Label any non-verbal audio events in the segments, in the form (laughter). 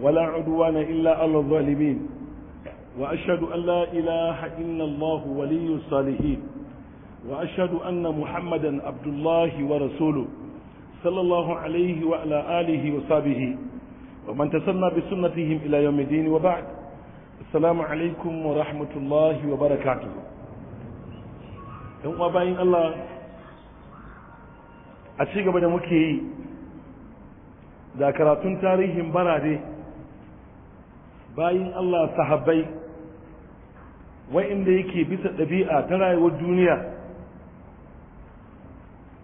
ولا عدوان إلا على الظالمين وأشهد أن لا إله إلا الله ولي الصالحين وأشهد أن محمدا عبد الله ورسوله صلى الله عليه وعلى آله وصحبه ومن تسنى بسنتهم إلى يوم الدين وبعد السلام عليكم ورحمة الله وبركاته يوم أباين الله أشيك بنا مكي ذاكرات تاريخ برادي bayin Allah sahabbai wa'inda yake bisa ɗabi'a ta rayuwar duniya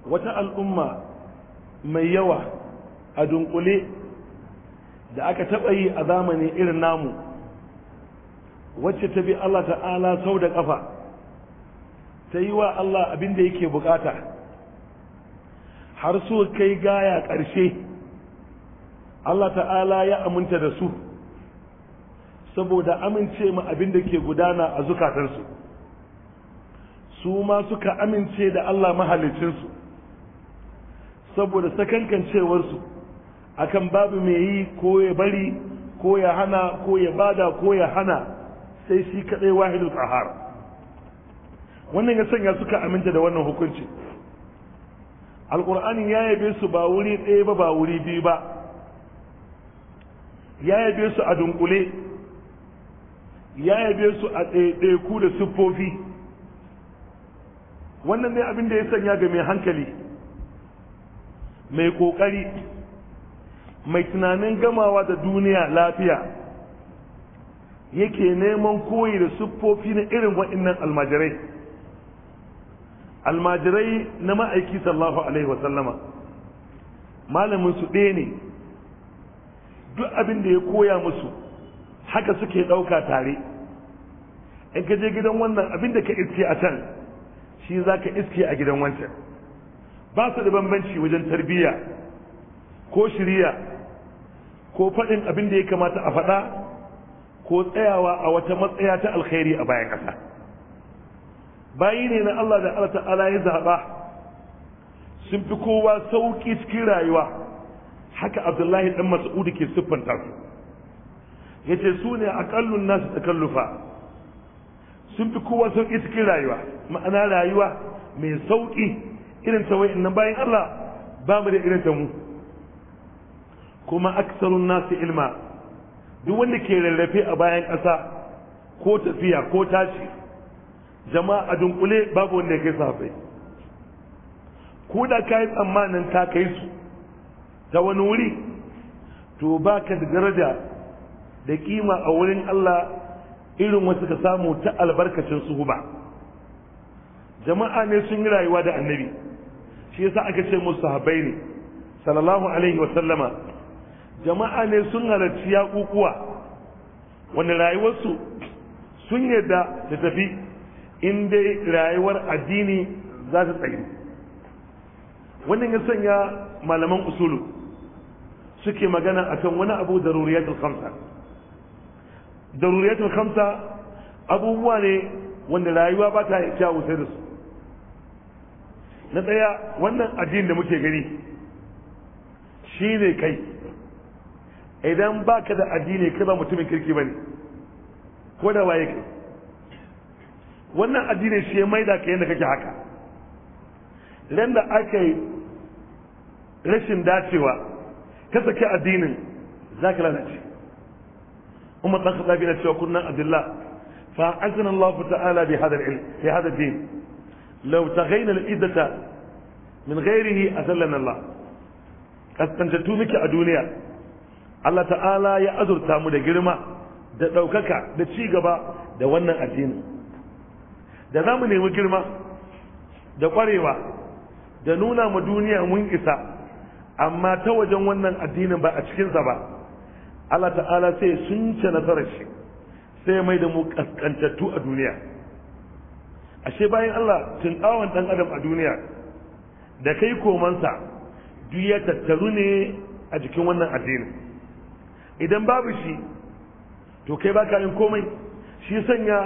wata al'umma mai yawa a dunkule da aka taɓa yi a zamani irin namu wacce ta bi Allah ta'ala sau da ƙafa ta yi wa Allah abin da yake bukata har su kai gaya ƙarshe Allah ta'ala ya aminta da su saboda amince ma abin da ke gudana a zukatansu su ma suka amince da Allah mahalicinsu saboda sakankancewarsu akan babu mai yi ko ya bari ko ya hana ko ya bada ko ya hana sai shi kadai wahidul qahar wannan ya sanya suka aminta da wannan hukunci alqur'ani ya yabe su ba wuri ɗaya ba ba wuri biyu ba ya yabe su a dunkule ya yabe su a ɗaiɗaiku da siffofi wannan ne abin da ya sanya ga mai hankali mai ƙoƙari mai tunanin gamawa da duniya lafiya yake neman koyi da siffofi na irin waɗannan almajirai almajirai na ma'aiki sallahu alaihi wasallama malamin su ɗaya ne duk abin da ya koya musu haka suke ɗauka tare in ka je gidan wannan abin da ka iske a can shi za ka iske a gidan wancan ba su da bambanci wajen tarbiyya ko shirya ko faɗin abin da ya kamata a faɗa ko tsayawa a wata matsaya ta alkhairi a bayan ƙasa bayi ne na Allah da Allah ta'ala ya zaɓa sun fi kowa sauƙi cikin rayuwa haka abdullahi ɗan mas'udu ke siffanta su ce su ne a aƙallun nasu takallufa sun fi kowa sauƙi cikin rayuwa ma'ana rayuwa mai sauƙi irin ta wai, wa'annan bayan Allah ba mu da irin ta mu kuma aksarun nasu ilma duk wanda ke rarrafe a bayan ƙasa ko tafiya ko tashi jama'a a dunkule babu wanda ya kai safe. ko da ka yi tsammanin ta kai su ta wani wuri to ba ka da daraja da kima a wurin Allah irin wasu ka samu ta albarkacin suhuba jama'a ne sun yi rayuwa da annabi shi yasa aka ce musu sahabbai ne sallallahu alaihi wa sallama jama'a ne sun halarci yaƙuƙuwa wani rayuwarsu sun yadda ta tafi in dai rayuwar addini za ta tsaye wannan ya sanya malaman usulu suke magana akan wani abu da khamsa daruriyatul khamsa abubuwa ne wanda rayuwa ba ta kyawu sai da su na tsaya wannan addini da muke gani shi ne kai idan baka da addini kai ba mutumin kirki ba ne ko da waye kai wannan addini shi ya maida ka yadda kake haka dan da aka yi rashin dacewa ka saki addinin za ka lalace umar dan khattabi na cewa kunnan adillah fa azna Allah ta'ala bi hada al-ilm bi hada din law taghayna al-iddata min ghairihi azallana Allah kaskantattu muke a duniya Allah ta'ala ya azurta mu da girma da ɗaukaka da ci gaba da wannan addini da za mu nemi girma da ƙwarewa da nuna mu duniya mun isa amma ta wajen wannan addinin ba a cikinsa ba Allah ta'ala sai sun ce nasarar shi sai mai da mu kaskantattu a duniya ashe bayan Allah tun tsawon dan adam a duniya da kai komansa duk ya tattaru ne a jikin wannan addini idan babu shi to kai baka yin komai shi sanya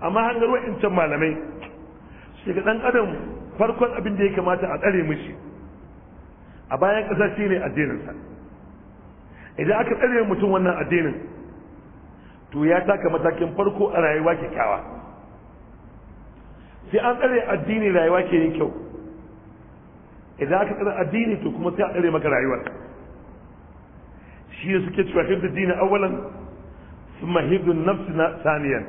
amma hangar wa'incan malamai shi ga dan adam farkon abin da ya kamata a tsare mishi a bayan ƙasa addinin addininsa idan aka tsare mutum wannan addinin to ya taka matakin farko a rayuwa kyakkyawa sai an tsare addini rayuwa ke yin kyau idan aka tsare addini to kuma sai a tsare maka rayuwa shi ne suke cewa da dini awalan summa hibdu nafsi na saniyan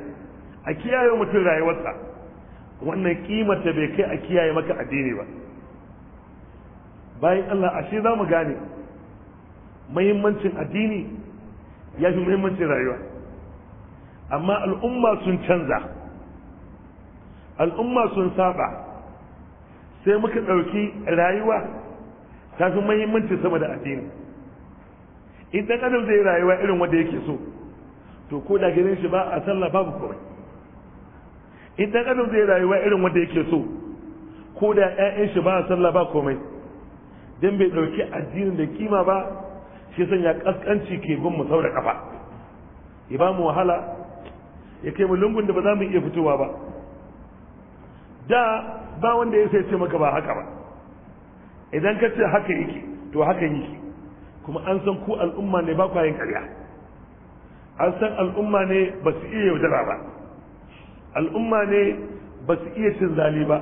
a kiyaye mutum rayuwarsa wannan kimata bai kai a kiyaye maka addini ba bayan Allah ashe za mu gane muhimmancin addini ya fi muhimmancin rayuwa amma al'umma sun canza al'umma sun saba sai muka ɗauki rayuwa ta fi muhimmanci sama da addini idan adam zai rayuwa irin wanda yake so to ko da gidan shi ba a sallah babu komai idan adam zai rayuwa irin wanda yake so ko da 'ya'yan shi ba a sallah ba komai don bai ɗauki addinin da kima ba shi sanya kaskanci ke bin mu sau da kafa ya ba mu wahala ya kai mu lungun da ba za mu iya fitowa ba da ba wanda ya sai ce maka ba haka ba idan ka ce haka yake to haka yake kuma an san ku al'umma ne ba kwayin karya an san al'umma ne ba su iya yaudara ba al'umma ne ba su iya cin zali ba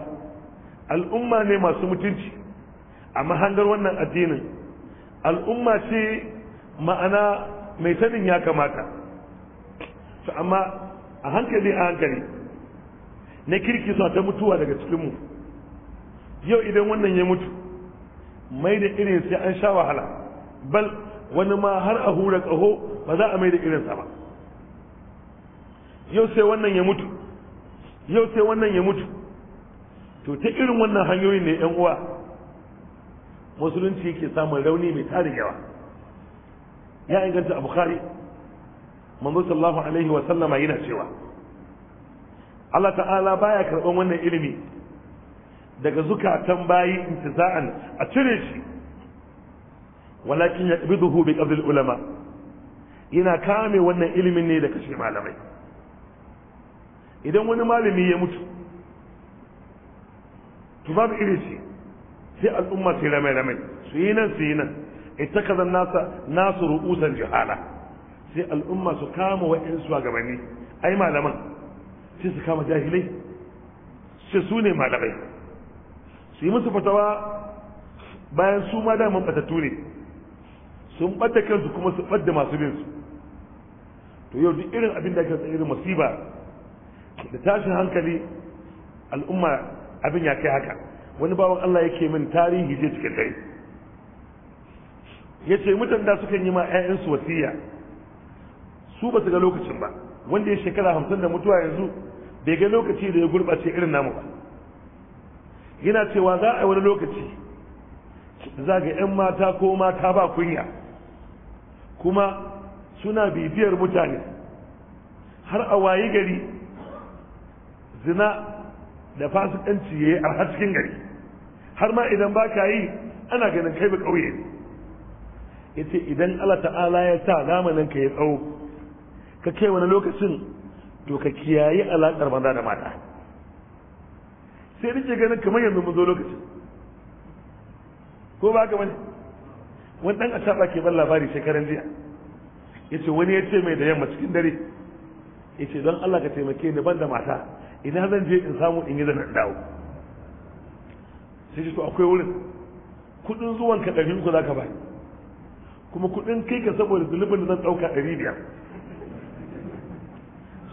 al'umma ne masu mutunci amma hangar wannan addinin al'umma ce ma'ana mai sanin ya kamata to amma a hankali a hankali na kirki suna ta mutuwa daga cikinmu yau idan wannan ya mutu mai da irin sai an sha wahala bal wani ma har a hura ƙaho ba za a mai da irinsa ba yau sai wannan ya mutu yau sai wannan ya mutu to ta irin wannan hanyoyin ne 'yan uwa musulunci yake samun rauni mai tarin yawa ya inganta a bukhari manzo sallallahu alaihi wa sallama yana cewa Allah ta'ala baya karban wannan ilimi daga zukatan bayi intiza'an a cire shi walakin ya ƙabiduhu bi ƙabdil ulama yana kame wannan ilimin ne da kashe malamai idan wani malami ya mutu to babu irin shi sai al'umma sai rame rame su yi nan su yi nan zan nasa nasu ru'usan Jihada sai al'umma su kama a shugabanni ai malaman sai su kama jahilai sai su ne malamai su yi musu fatawa bayan su ma mun batattu ne sun ɓadda kansu kuma su ɓadda masu bin su to yau duk irin abin da ake irin masiba da tashin hankali al'umma abin ya kai haka wani bawan Allah yake min tarihi je cikin dare yace mutan da suka yi ma 'ya'yansu wasiya su ba su ga lokacin ba wanda ya shekara hamsin da mutuwa yanzu bai ga lokaci da ya gurɓace irin namu ba yana cewa za a yi wani lokaci za ga 'yan mata ko mata ba kunya kuma suna bibiyar mutane har a wayi gari zina da fasikanci ya yi a cikin gari har ma idan ba ka yi ana ganin kai ba ƙauye ya ce idan Allah ta'ala ya sa zamanin ka ya tsawo ka kai wani lokacin to ka kiyaye alaƙar maza da mata sai nake ganin kamar yanzu mun zo lokacin ko ba ka bane wani ɗan asaba ke ban labari shekaran jiya ya ce wani ya ce mai da yamma cikin dare ya ce don Allah ka taimake ni ban da mata idan zan je in samu in yi zanen dawo sai to akwai wurin kudin zuwan ka ɗari uku za ka bani kuma kudin kai ka saboda zulubin da zan ɗauka ɗari biyar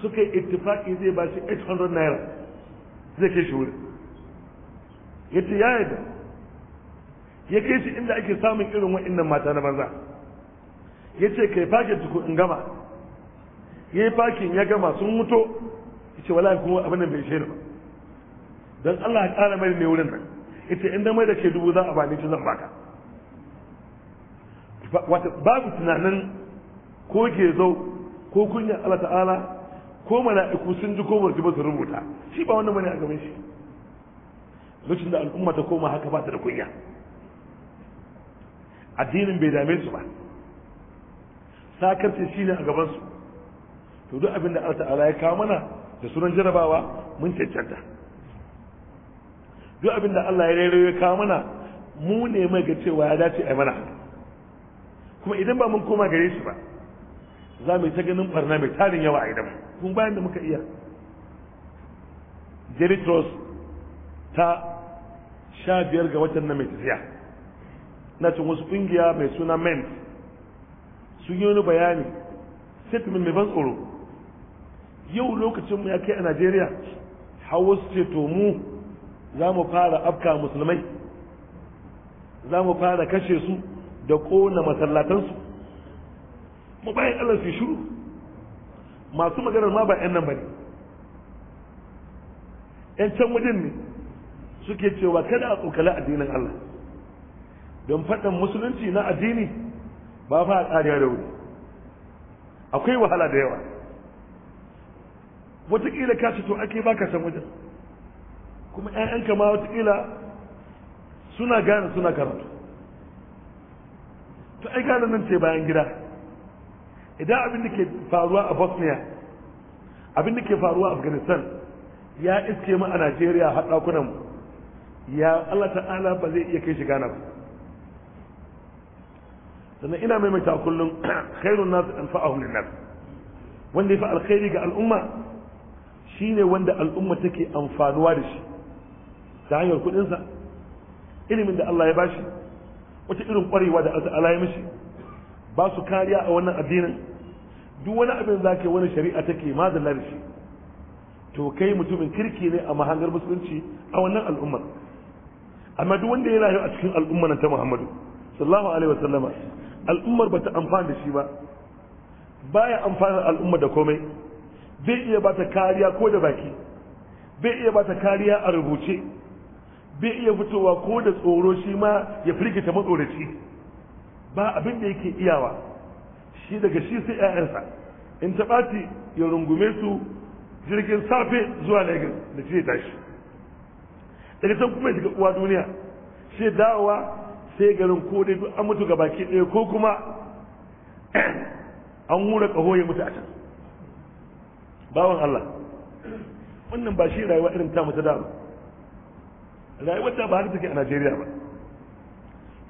suka yi ittifaki zai ba shi 800 naira zai kai shi wurin ya ce ya yadda ya kai shi inda ake samun irin wa'innan mata na banza ya ce kai fakin tuku in gama ya yi fakin ya gama sun mutu ya ce wala kuma abin nan bai shaida ba don allah ya ƙara mai ne wurin nan ita in mai da ke dubu za a bani ta zan baka wata babu tunanin ko ke zo ko kunya Allah ta'ala ko mala'iku sun ji ko ba su rubuta shi ba wannan bane a gaban shi lokacin da al'umma ta koma haka ba ta da kunya addinin bai dame su ba sakarci shine a gaban su to duk abin da Allah ta'ala ya kawo mana da sunan jarabawa mun cancanta duk abin da Allah ya rairayo ya kawo mana mu ne mai ga cewa ya dace a mana kuma idan ba mun koma gare shi ba za mu yi ta ganin barna mai tarin yawa a idan kun bayan da muka iya jerry ta sha biyar ga watan na mai na cin wasu kungiya mai suna men sun yi wani bayani statement mai ban tsoro yau lokacinmu ya kai a najeriya hawa su ce to mu za mu fara afka musulmai za mu fara kashe su da kona masallatansu mu bayan Allah su shuru. masu maganar ma ba 'yan nan ba ne 'yan can wajen ne suke cewa kada a tsokali addinin Allah don faɗin musulunci na addini ba fa a tsariya da wuri akwai wahala da yawa wataƙila ka to ake baka san wajen kuma 'ya'yanka ma watakila suna gane suna karatu to ai gane nan ce bayan gida idan abin da ke faruwa a bosnia abin da ke faruwa a afghanistan ya iske mu a najeriya haɗakunan mu ya allah ta'ala ba zai iya kai shi gana ba sannan ina maimaita kullum (clears throat) khairun nasu fa'a hulun nasu wanda ya fi alkhairi ga al'umma shine wanda al'umma take amfanuwa da shi ta hanyar kuɗinsa ilimin da Allah ya bashi wata irin ƙwarewa da Allah ya mishi ba su kariya a wannan addinin duk wani abin za ke wani shari'a take ma da shi to kai mutumin kirki ne a mahangar musulunci a wannan al'ummar amma duk wanda ya yau a cikin al'ummar ta Muhammadu sallallahu alaihi wasallama al'ummar bata amfana da shi ba baya amfana al'umma da komai bai iya bata kariya ko da baki bai iya bata kariya a rubuce bai iya fitowa ko da tsoro shi ma ya firgita matsoraci ba abin da yake iyawa shi daga shi sai 'ya'yansa in ta ɓaci ya rungume su jirgin safe zuwa lagos da ce tashi daga can kuma shiga uwa duniya shi dawowa sai garin ko dai an mutu ga baki ɗaya ko kuma (clears throat) an hura ƙaho ya mutu a can bawan allah wannan ba shi rayuwa irin ta mutu da ba rayuwar da ba haka take a najeriya ba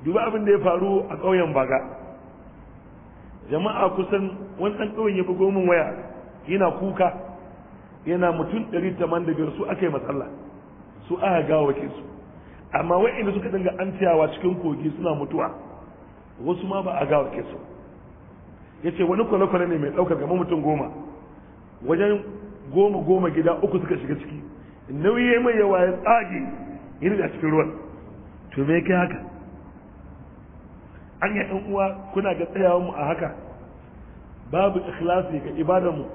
duba abin da ya faru a ƙauyen baga jama'a kusan wani ɗan ƙauyen ya bugo min waya yana kuka yana mutum ɗari da biyar su aka yi matsala su aka gawa su amma wa'inda suka dinga an ciyawa cikin kogi suna mutuwa wasu ma ba a gawa su ya ce wani kwale-kwale ne mai ɗaukar gama mutum goma wajen goma goma gida uku suka shiga ciki nauyi mai yawa ya tsage irin a cikin ruwan to me kai haka an yi uwa kuna ga tsayawa mu a haka babu ikhlasi ga ibadar mu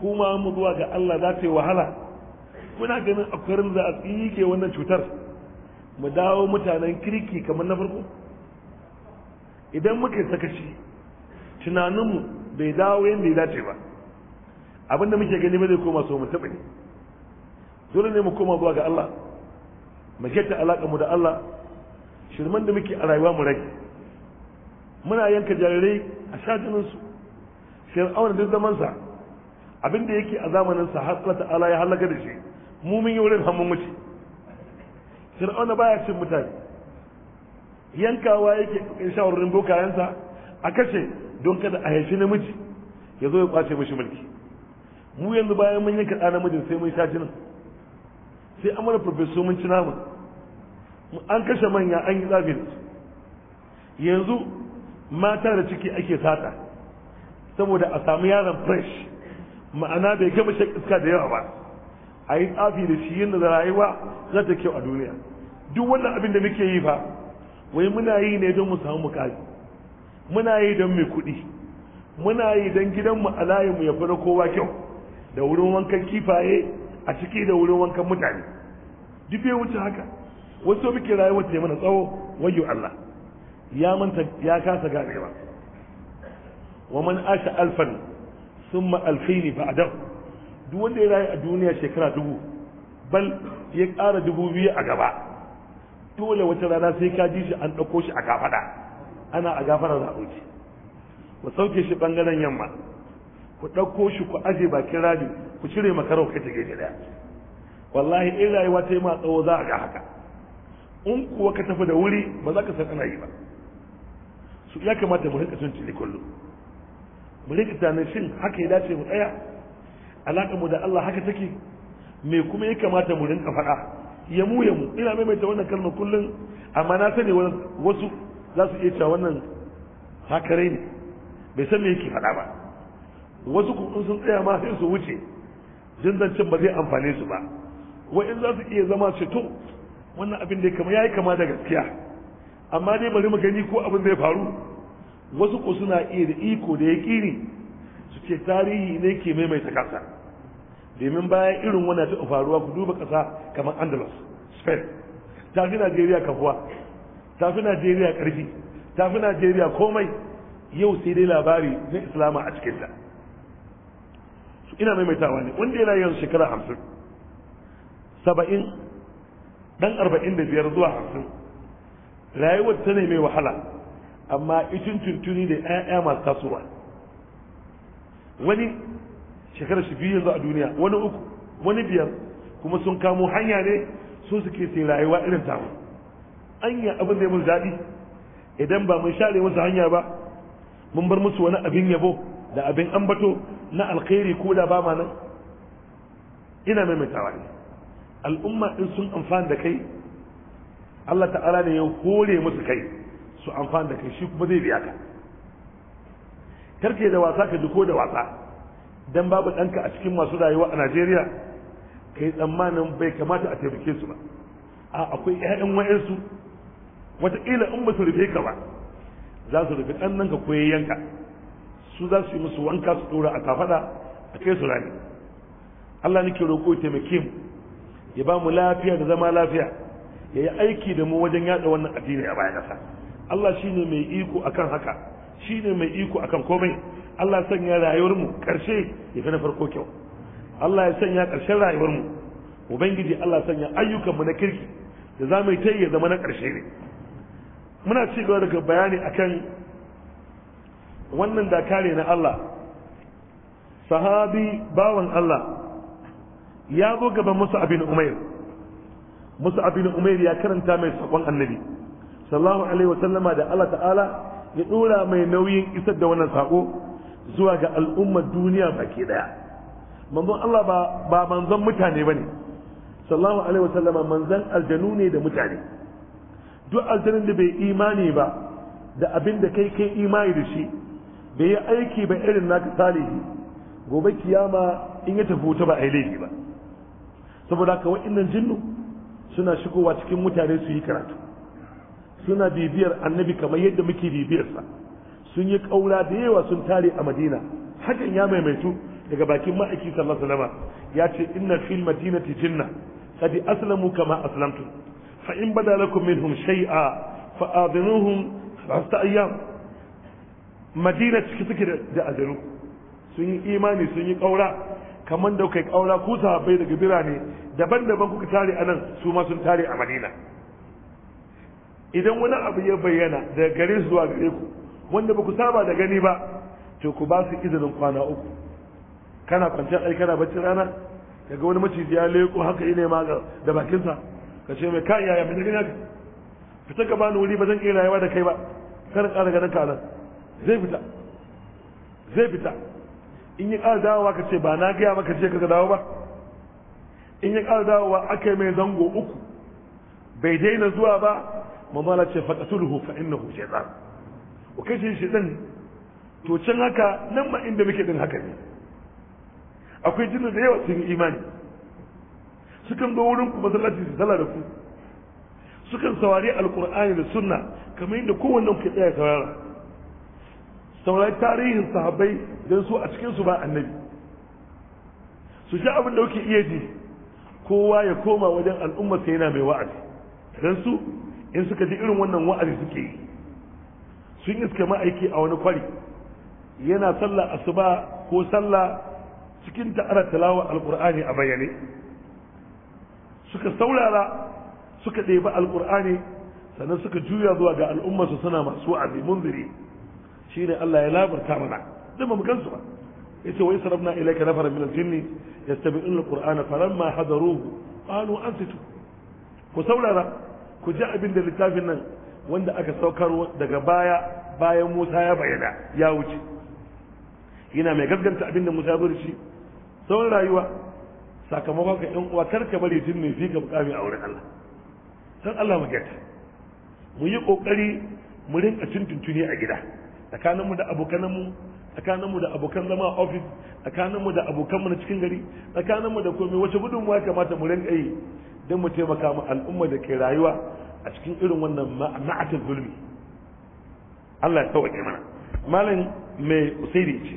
kuma mu zuwa ga Allah za ta yi wahala kuna ganin akwai za a tsike wannan cutar mu dawo mutanen kirki kamar na farko idan muka yi sakaci tunaninmu bai dawo yadda ya dace ba abinda muke gani ba zai koma so mu taɓa ne dole ne mu koma zuwa ga Allah mu gyatta alaƙa mu da Allah shirman da muke a rayuwa mu rage muna yanka jarirai a shajinin su auna duk zaman sa abin da yake a zamanin sa har Allah ala ya halaka da shi mu mun yi wurin hammun sai auna baya cin mutane yankawa yake in shawarin bokayensa a kashe don kada a haifi namiji ya zo ya kwace mishi mulki mu yanzu bayan mun yanka ɗa namijin sai mun sha jinin sai amma da mun ci namun an kashe manya an yi zafi da su yanzu mata da ciki ake sata saboda a samu yaron fresh ma'ana bai gama shan iska da yawa ba a yi tsafi da shi yadda rayuwa za ta kyau a duniya duk wannan abin da muke yi fa wai muna yi ne don mu samu mukami muna yi don mai kuɗi muna yi don gidanmu a mu ya fara kowa kyau da wurin wankan kifaye a ciki da wurin wankan mutane duk bai wuce haka wato muke rayuwa ta mana tsawo wayo Allah ya manta ya kasa ganewa wa man asha alfan thumma alfini ba'da duk wanda ya rayu a duniya shekara dubu bal ya ƙara dubu biyu a gaba dole wata rana sai ka ji shi an ɗauko shi a gafada ana a gafara za a ku sauke shi bangaren yamma ku ɗauko shi ku aje bakin rami ku cire makarau kai ta gefe wallahi in rayuwa ta yi ma tsawo za a ga haka in kuwa ka tafi da wuri ba za ka san ana yi ba su ya kamata mu rinka sun cili kullum mu rinka tunanin shin haka ya dace mu tsaya alaƙa mu da Allah haka take me kuma ya kamata mu rinka faɗa ya mu ya mu ina maimaita wannan kalma kullum amma na sani wasu za su iya cewa wannan hakare ne bai san me yake faɗa ba wasu kuma sun tsaya ma sai su wuce jindancin ba zai amfane su ba wa'in za su iya zama ceto wannan abin da kama yi kama da gaskiya amma dai bari mu gani ko abin zai faru wasu ko suna iya da iko da kiri su ce tarihi ne ke maimaita kasa domin bayan irin wannan ta faruwa ku duba kasa kamar Andalus Spain ta fi Najeriya kafuwa ta fi Najeriya karfi ta Najeriya komai yau sai dai labari na Islama a cikin ta ina maimaitawa ne wanda yana yin shekara hamsin saba'in dan arba'in da biyar zuwa hamsin rayuwar ta ne mai wahala amma itin tuntuni da 'ya'ya masu tasowa wani shekarar shi biyu yanzu a duniya wani uku wani biyar kuma sun kamo hanya ne su suke sai rayuwa irin tamu anya abin da ya mun daɗi idan ba mun share wasu hanya ba mun bar musu wani abin yabo da abin ambato na alkhairi ko da ba ma nan ina maimaitawa ne al'umma in sun amfana da kai Allah ta'ala ne ya kore musu kai su amfana da kai shi kuma zai biya ka karke da wasa ka duko da wasa dan babu ɗanka a cikin masu rayuwa a Najeriya kai tsammanin bai kamata a taimake su ba a akwai ƴaƴan wata wataƙila in ba su rufe ka ba za su rufe ɗan nan ka koyi yanka su za su yi musu wanka su ɗora a kafaɗa a kai su rani Allah nake roƙo taimake mu ya ba mu lafiya da zama lafiya ya yi aiki da mu wajen yada wannan addini a bayan ƙasa Allah ne mai iko akan haka shi ne mai iko akan komai Allah sanya rayuwar mu karshe ya fi na farko kyau Allah ya sanya ƙarshen rayuwar mu ubangiji Allah sanya ayyukan mu na kirki da za mu yi ya zama na ƙarshe ne muna ci gaba daga bayani akan wannan dakare na Allah sahabi bawan Allah ya zo gaban musu abin umair musu abin umair ya karanta mai sakon annabi sallallahu alaihi wa sallama da Allah ta'ala ya dora mai nauyin isar da wannan sako zuwa ga al'ummar duniya baki daya manzon Allah ba ba manzon mutane bane sallallahu alaihi wa sallama manzon aljanu ne da mutane duk aljanin da bai imani ba da abin da kai kai imani da shi bai yi aiki ba irin naka salihi gobe kiyama in ya tafi wuta ba a yi laifi ba saboda haka wa'annan jinnu suna shigowa cikin mutane su yi karatu suna bibiyar annabi kamar yadda muke bibiyarsa sun yi ƙaura da yawa sun tare a madina hakan ya maimaitu daga bakin ma'aiki sallallahu alaihi wasallam ya ce inna fil madinati jinna qad aslamu kama aslamtu fa in bada lakum minhum shay'a fa adinuhum hasta ayyam madina ciki take da ajaru sun yi imani sun yi ƙaura kamar da kai ƙaura ku sahabbai daga birane daban-daban kuka tare a nan su ma sun tare a madina idan wani abu ya bayyana da gare su zuwa gare ku wanda ba ku saba da gani ba to ku ba su izinin kwana uku kana kwanciyar ai kana bacci rana kaga wani maciji ya leko haka ina ma da bakinsa ka ce mai kai yaya mai gani haka fita ka bani wuri ba zan iya rayuwa da kai ba kar ka daga ka nan zai fita zai fita in yi ƙara dawowa ka ce ba na gaya maka ce ka dawo ba in ya ƙara dawowa aka mai zango uku bai daina zuwa ba mamala ce hufa fa hushe shaytan ku kai shi ɗin to can haka nan ma inda muke din haka ne akwai jini da yawa sun imani sukan zo wurin ku masallaci su da ku sukan saurari Alƙur'ani da sunna kamar yadda kowanne ku ke tsaya saurara saurari tarihin sahabbai dan su a cikin su ba annabi su ji abin da kuke iya ji kowa ya koma wajen al'ummarsa yana mai wa'azi dan su in suka ji irin wannan wa'azi suke yi sun iska ma'aiki a wani kwari yana sallah asuba ko sallah cikin ta'arar talawa alqur'ani a bayyane suka saurara suka ɗebi alqur'ani sannan suka juya zuwa ga su suna masu wa'azi munziri shine Allah ya labarta mana zama mu gansu ba yace wa sarabna ilayka nafara min al-jinni yastabi'un al-qur'ana falamma hadaruhu qalu ansitu ku saurara ku ji abin da littafin nan wanda aka saukar daga baya bayan Musa ya bayyana ya wuce yana mai gaskanta abin da Musa ya shi sauran rayuwa sakamakon ka ɗan uwa karka bari jinni fi ka bukami a wurin Allah san Allah mu gata mu yi ƙoƙari mu rinka tuntuni a gida tsakaninmu da mu. tsakaninmu da abokan zama a ofis tsakaninmu da abokanmu na cikin gari tsakaninmu da komai wace gudunmuwa kamata mu rinka yi don mu taimaka mu al'umma da ke rayuwa a cikin irin wannan ma'atin zulmi Allah ya ke mana malam mai usairi ce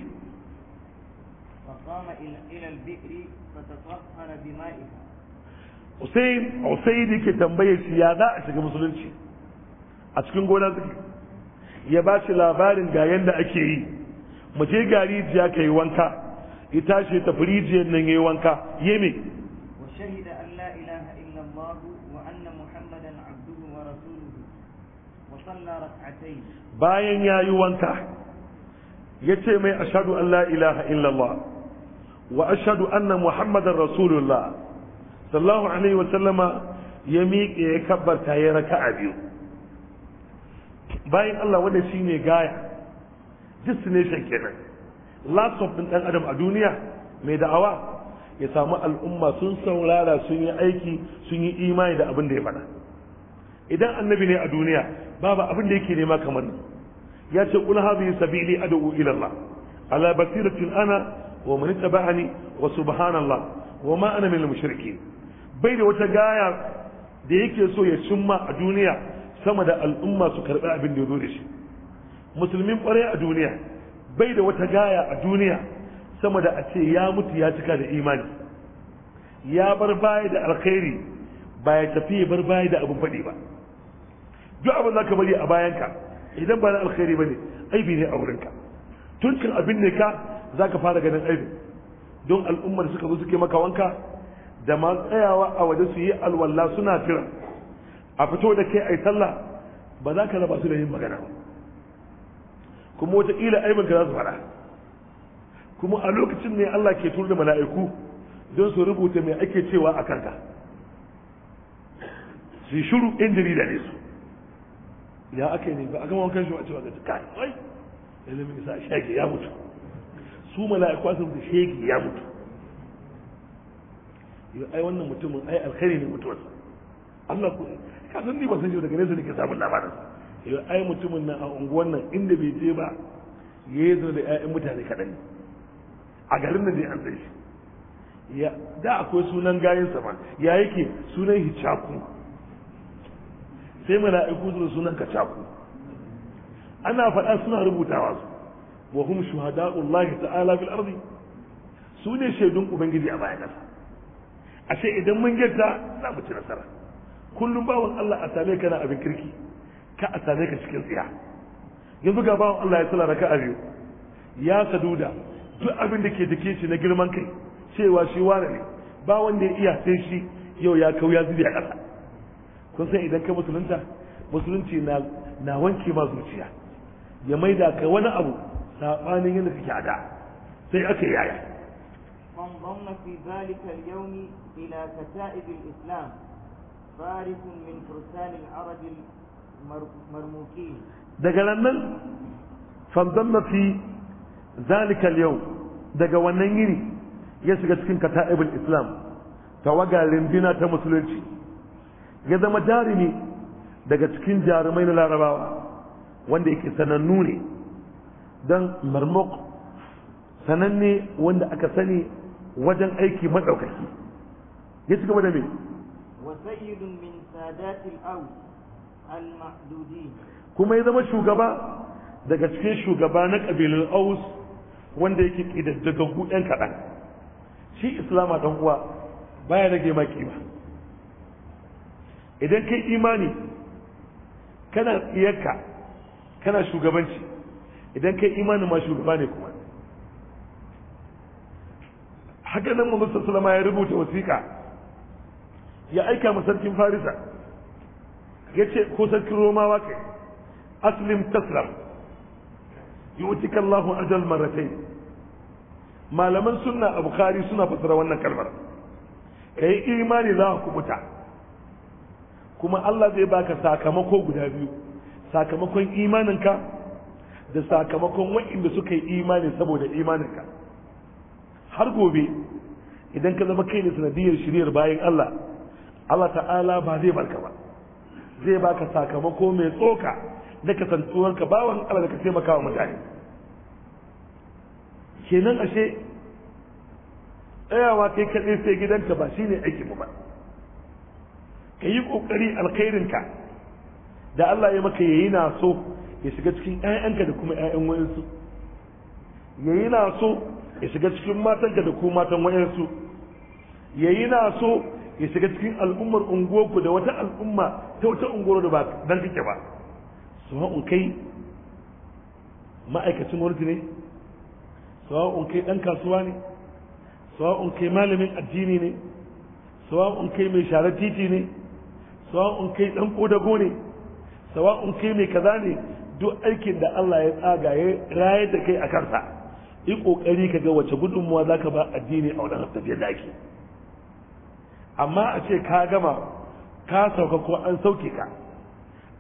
Usain Usain ke tambayar shi ya za a shiga musulunci a cikin gona suke ya ba shi labarin ga yadda ake yi mu je ga rijiya ka yi wanka ya tashi ta rijiyar nan ya yi wanka ya me bayan ya yi wanka ya ce mai ashadu an la ilaha illallah wa ashadu anna muhammadan rasulullah sallallahu alaihi wasallama ya miƙe ya kabbarta ya raka'a biyu bayan allah wanda shi ne gaya destination kenan laptop din dan adam a duniya mai da'awa ya samu al'umma sun saurara sun yi aiki sun yi imani da abin da ya faɗa idan annabi ne a duniya babu abin da yake nema kamar ya ce kul hadhihi sabili ad'u ila Allah ala basiratin ana wa man ittaba'ani wa subhanallah wa ma ana minal mushrikin bai da wata gaya da yake so ya cimma a duniya sama da al'umma su karɓi abin da ya zo da shi musulmin kwarai a duniya bai da wata gaya a duniya sama da a ce ya mutu ya cika da imani ya bar baya da alkhairi ba ya tafi ya bar baya da abin faɗi ba duk abin za ka bari a bayanka idan ba na alkhairi ba ne aibi ne a wurinka tun cin abin ne ka za ka fara ganin aibi don al'ummar suka zo suke maka wanka da ma tsayawa a waje su yi alwala suna fira a fito da kai yi sallah ba za ka raba su da yin magana ba kuma wataƙila aibinka za su fara kuma a lokacin ne Allah ke tur da mala'iku don su rubuta mai ake cewa a kanka su shuru ɗin jarida ne su ya aka ne ba a gama wankan shi a cewa gaji kai wai ilimin isa shege ya mutu su mala'iku sun da shege ya mutu yau ai wannan mutumin ai alkhairi ne mutuwarsa Allah ku ka san ni ba san shi daga nesa ne ke samun labarinsa yau ai mutumin nan a unguwan nan inda bai je ba ya yi zo da 'ya'yan mutane kaɗan a garin nan dai an tsaye shi da akwai sunan gayensa sama ya yake sunan hicaku sai mana aiku zuwa sunan kacaku ana faɗa suna rubutawa su wa hum shuhada'ullahi ta'ala fil ardi su ne shaidun ubangiji a bayan ƙasa ashe idan mun yarda za mu ci nasara kullum bawon Allah a same kana abin kirki ka a same ka cikin tsiya yanzu ga bawan Allah ya tsala raka'a biyu ya saduda duk abin da ke jikin shi na girman kai cewa shi wane ne ba wanda ya iya sai shi yau ya kau ya zube a ƙasa kun san idan ka musulunta musulunci na na wanke ma zuciya ya maida ka wani abu sabanin yadda kake a da sai aka yaya فانضم في ذلك اليوم إلى كتائب الإسلام فارس من فرسان العرب daga nan fanzan fi zalikal yau daga wannan yini ya shiga cikin kata'ibul islam tawaga rindina ta musulunci ya zama jarumi daga cikin jarumai na larabawa wanda yake sanannu ne don marmuk sananne wanda aka sani wajen aiki maɗaukaki ya shiga da mai wasayyidun min sadatil aus kuma ya zama shugaba daga cikin shugaba na kabilar aus wanda yake ƙidaddagaggu ɗan kaɗan shi islama ɗan uwa baya rage ma kima idan kai imani kana tsiyarka kana shugabanci idan kai imani ma shugaba ne kuma haka nan mu ya rubuta wasiƙa ya aika masarkin sarkin farisa yace ko sarkin romawa kai aslim taslam yu'tika Allahu ajal marratayn malaman sunna a bukhari suna fasara wannan kalmar kai imani za ku kubuta kuma Allah zai baka sakamako guda biyu sakamakon imaninka da sakamakon wa'inda suka yi imani saboda imaninka har gobe idan ka zama kai ne sanadiyar shiriyar bayan Allah Allah ta'ala ba zai barka ba zai baka sakamako mai tsoka da kasantuwarka bawan Allah da ka taimaka wa mutane kenan ashe tsayawa kai kaɗai sai gidanka ba shine aiki mu ba ka yi ƙoƙari alkhairinka da Allah ya maka yayi na so ya shiga cikin 'ya'yanka da kuma ƴaƴan wayansu yayi na so ya shiga cikin matanka da kuma matan wayansu yayi na so ya shiga cikin al'ummar unguwarku da wata al'umma ta wata unguwar da ba dan kike ba sawa'un kai ma'aikacin gwamnati ne sawa'un kai dan kasuwa ne sawa'un kai malamin addini ne sawa'un kai mai share titi ne sawa'un kai dan kodago ne sawa'un kai mai kaza ne duk aikin da Allah ya tsaga ya rayar da kai a kansa yi kokari ka ga wace gudunmuwa zaka ba addini a wannan tafiyar da ake amma a ce ka gama ka sauka ko an sauke ka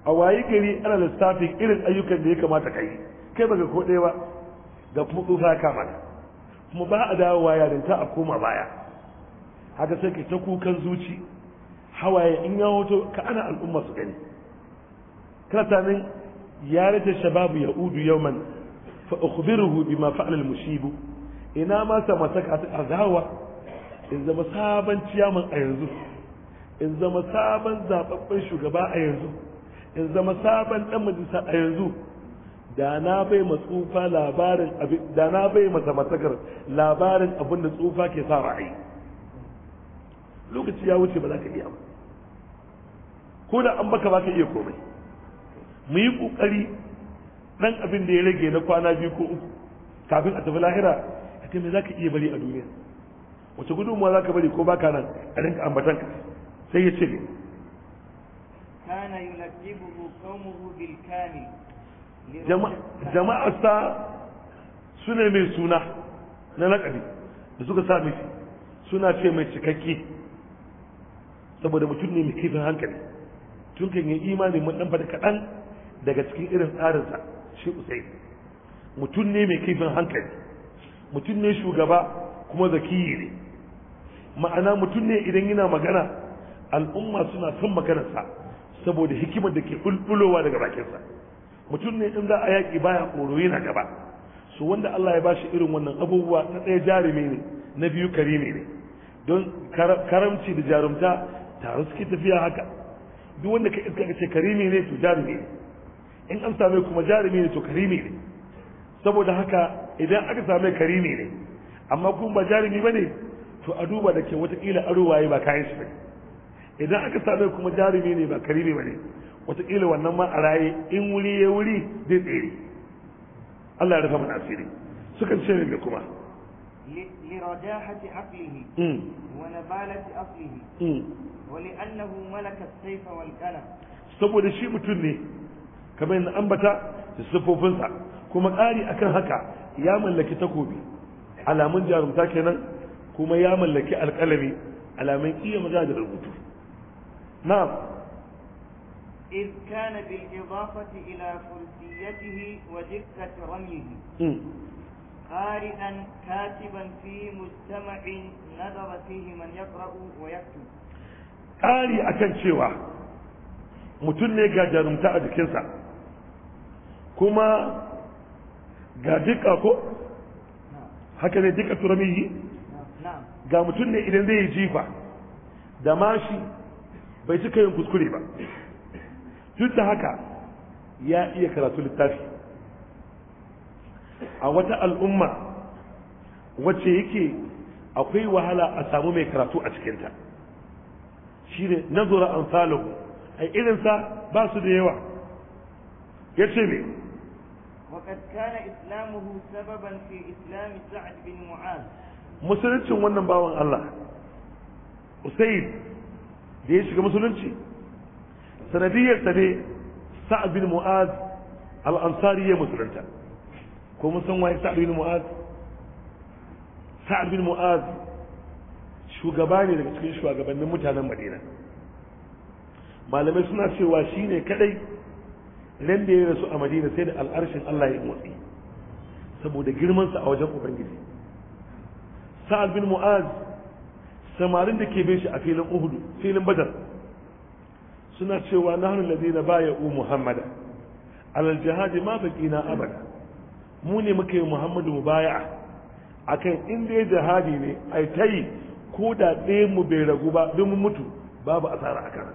a wayi gari ana lissafin irin ayyukan da ya kamata ka yi kai baka ko ɗaya ba ga kuma tsufa ka mana kuma ba a dawo da yarinta a koma baya haka sai ka ta kukan zuci hawaye in ya hoto ka ana al'umma su gani kana tanin ya rage shababu ya udu yauman fa ukhbiruhu bima fa'ala al-mushibu ina ma sa ta azawa in zama sabon ciyaman a yanzu in zama sabon zababben shugaba a yanzu in zama sabon dan majalisa a yanzu da na bai ma tsufa labarin da na bai ma samatakar labarin abin da tsufa ke sa ra'ayi lokaci ya wuce ba za ka iya ba ko da an baka ba ka iya komai mu yi kokari dan abin da ya rage na kwana biyu ko uku kafin a tafi lahira ka me za ka iya bari a duniya wace gudunmuwa za ka bari ko baka nan a rinka ambatan ka sai ya ce jama'arsa su ne mai suna na lakabi da suka sa mishi suna ce mai cikakke saboda mutum ne mai kifin hankali tun kan yi imanin mun fata fada kadan daga cikin irin tsarinsa shi usai mutum ne mai kifin hankali mutum ne shugaba kuma zakiyi ne ma'ana mutum ne idan yana magana al'umma suna son maganarsa saboda hikimar da ke bulbulowa daga bakinsa mutum ne in za a yaƙi baya koro yana gaba su wanda Allah ya bashi irin wannan abubuwa na ɗaya jarumi ne na biyu karimi ne don karamci da jarumta tare suke tafiya haka duk wanda ka iska ce karimi ne to jarumi ne in an same kuma jarumi ne to karimi ne saboda haka idan aka same karimi ne amma kuma ba jarumi ba ne to a duba da ke watakila arowaye ba kayan shi idan aka same kuma jarumi ne ba karibi ba ne watakila wannan ma a raye in wuri ya wuri zai tsere Allah ya rufa mana asiri sukan ce ne kuma لرداحة عقله ونبالة أصله ولأنه ملك السيف والقلم saboda shi mutum ne kamar yadda ambata da siffofinsa kuma ƙari akan haka ya mallaki takobi alamun jarumta kenan kuma ya mallaki alƙalami alamun iya maza da rubutu na'am إذ كان بالإضافة إلى ودقة رميه قارئا كاتبا في مجتمع نظر فيه من يقرأ ويكتب قاري أكن mutum ne ga jarumta a jikinsa kuma ga duka ko haka ne duka turamiyi ga mutum ne idan zai yi jifa da ma shi bai cika yin kuskure ba duk da haka ya iya karatu littafi a wata al'umma wacce yake akwai wahala a samu mai karatu a cikinta shi ne nazura an salihu a irinsa ba su da yawa ya ce ne. وقد كان إسلامه سببا في إسلام سعد بن معاذ musuluncin wannan bawan Allah usaid da ya shiga musulunci ta ne sa'ad bin mu'az al-ansari ya musulunta ko mun san waye sa'ad bin mu'az sa'ad bin mu'az shugaba ne daga cikin shugabannin mutanen madina malamai suna cewa ne kadai ran da ya rasu a madina sai da al'arshin Allah ya yi motsi saboda girmansa a wajen ubangiji sa'ad bin mu'az samarin da ke bin shi a filin uhudu filin badar suna cewa nahnu alladhina bay'u muhammada alal jihad ma baqina abada mu ne muka yi muhammadu baya? akan in dai jihadi ne ai tayi ko da ɗayan mu bai ragu ba domin mu mutu babu asara a kan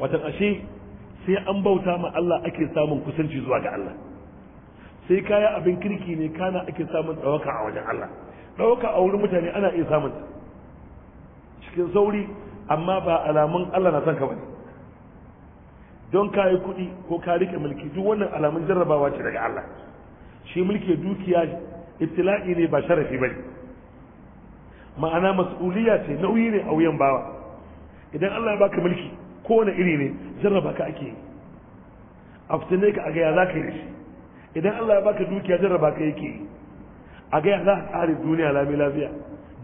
watan ashe sai an bauta ma Allah ake samun kusanci zuwa ga Allah sai kaya abin kirki ne kana ake samun ɗauka a wajen Allah ɗauka a wurin mutane ana iya samun cikin sauri amma ba alamun Allah na son ka bane don ka yi kuɗi ko ka rike mulki duk wannan alamun jarrabawa ce daga Allah shi mulki dukiya ibtila'i ne ba sharafi bane ma'ana mas'uliya ce nauyi ne a wuyan bawa idan Allah ya baka mulki kowane iri ne jarraba ka ake yi a ka a ga ya za ka yi da shi idan Allah ya baka dukiya jarraba ka yake a ga za a tsari duniya lami lafiya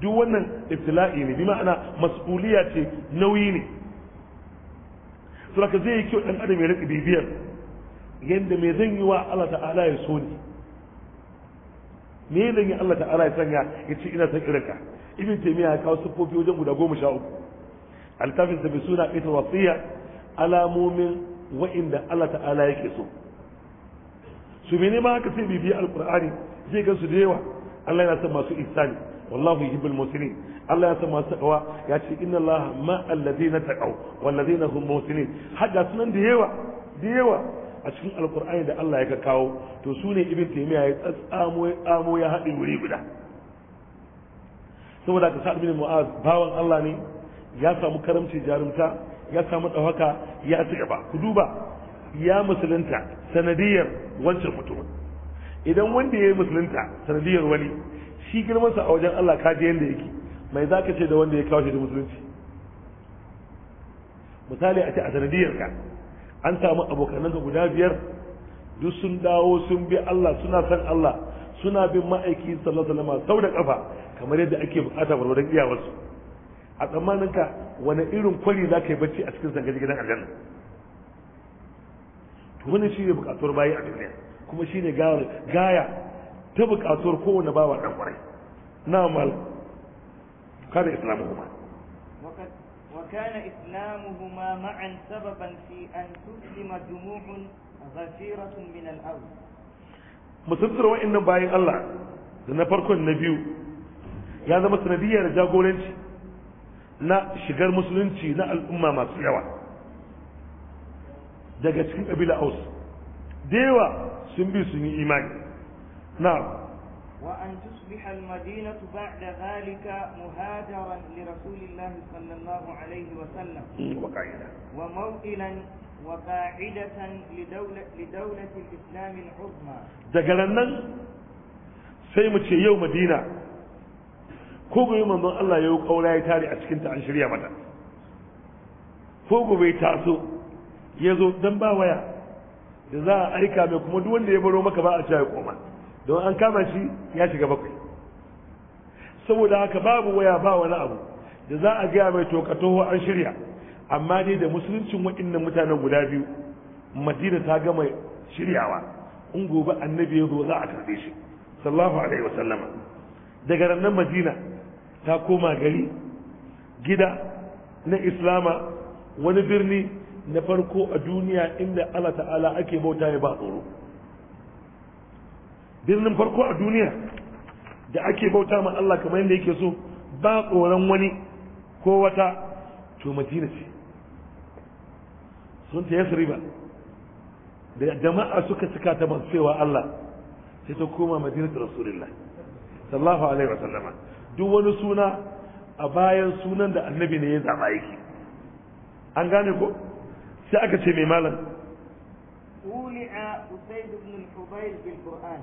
duk wannan ibtila'i ne bi ma'ana mas'uliya ce nauyi ne ka zai yi kyau dan adam ya rika bibiyar yadda mai zan yi wa Allah ta'ala ya so ni me zan yi Allah ta'ala ya sanya ya ce ina son irinka ibn taymiya ya kawo siffofi wajen guda goma sha uku altafin sa bi suna ita wasiya alamomin wa'inda Allah ta'ala yake so to mene ma haka sai bibiya alqur'ani zai ga su da yawa Allah yana san masu ihsani wallahu yuhibbul muhsinin Allah ya san masu takawa ya ce inna Allah ma alladheena taqaw wal ladheena hum muhsinin haka sunan da yawa da yawa a cikin al'kur'ani da Allah ya kawo to su ne ibn taymiya ya tsamo ya ya wuri guda saboda ka sa'ad bin mu'az bawan Allah ne ya samu karamci jarumta ya samu ɗaukaka ya tsiba ku duba ya musulunta sanadiyar wancan mutumin idan wanda ya yi musulunta sanadiyar wani shi girmansa a wajen Allah kaji yadda yake mai za ka ce da wanda ya kawo shi da musulunci misali a ce a sanadiyar ka an samu abokananka guda biyar duk sun dawo sun bi Allah suna san Allah suna bin ma'aiki sallallahu alaihi wasallam sau da kafa kamar yadda ake bukata barbaran iyawarsu a tsammanin ka wani irin kwari za ka yi bacci a cikin sangaji gidan aljanna wani shi ne bukatuwar bayi a duniya kuma shi ne gaya ta bukatuwar kowane bawa ɗan ƙwarai na mal kada islamu kuma وكان إسلامهما معا سببا في أن تسلم جموع غفيرة من الأرض mutuntar wa'annan bayan الله da na farkon na biyu ya zama sanadiyar jagoranci na shigar musulunci na al'umma masu yawa daga cikin ƙabila aus Dewa sun bi sun yi imani na وأن تصبح المدينة بعد ذلك مهاجرا لرسول الله صلى الله عليه وسلم وقاعدة وموئلا وقاعدة لدولة, لدولة الإسلام العظمى دقلنا سيمة يوم مدينة كوغو يوم من الله يوك أولا يتاري أسكنت عن شريعة مدى ta بيتاسو ya zo don ba waya da za a aika mai kuma duk wanda ya baro maka ba a ya koma don an kama shi ya shiga bakwai saboda haka babu waya ba wani abu da za a gaya mai toka toho an shirya amma dai da musuluncin waɗannan mutanen guda biyu madina ta gama shiryawa in gobe annabi ya zo za a karɓe shi Sallahu alaihi wasallama daga rannan madina ta koma gari gida na islama wani birni na farko a duniya inda Allah ta'ala ake bauta ya ba tsoro birnin farko a duniya da ake bauta ma Allah kamar yadda yake so ba tsoron wani ko wata to madina ce sun ta yasri ba da jama'a suka cika ta masu cewa Allah sai ta koma madinatu rasulullah sallallahu alaihi wa sallama duk wani suna a bayan sunan da annabi ne ya zama yake an gane ko sai aka ce mai malam طولع أسيد بن الحضير بالقرآن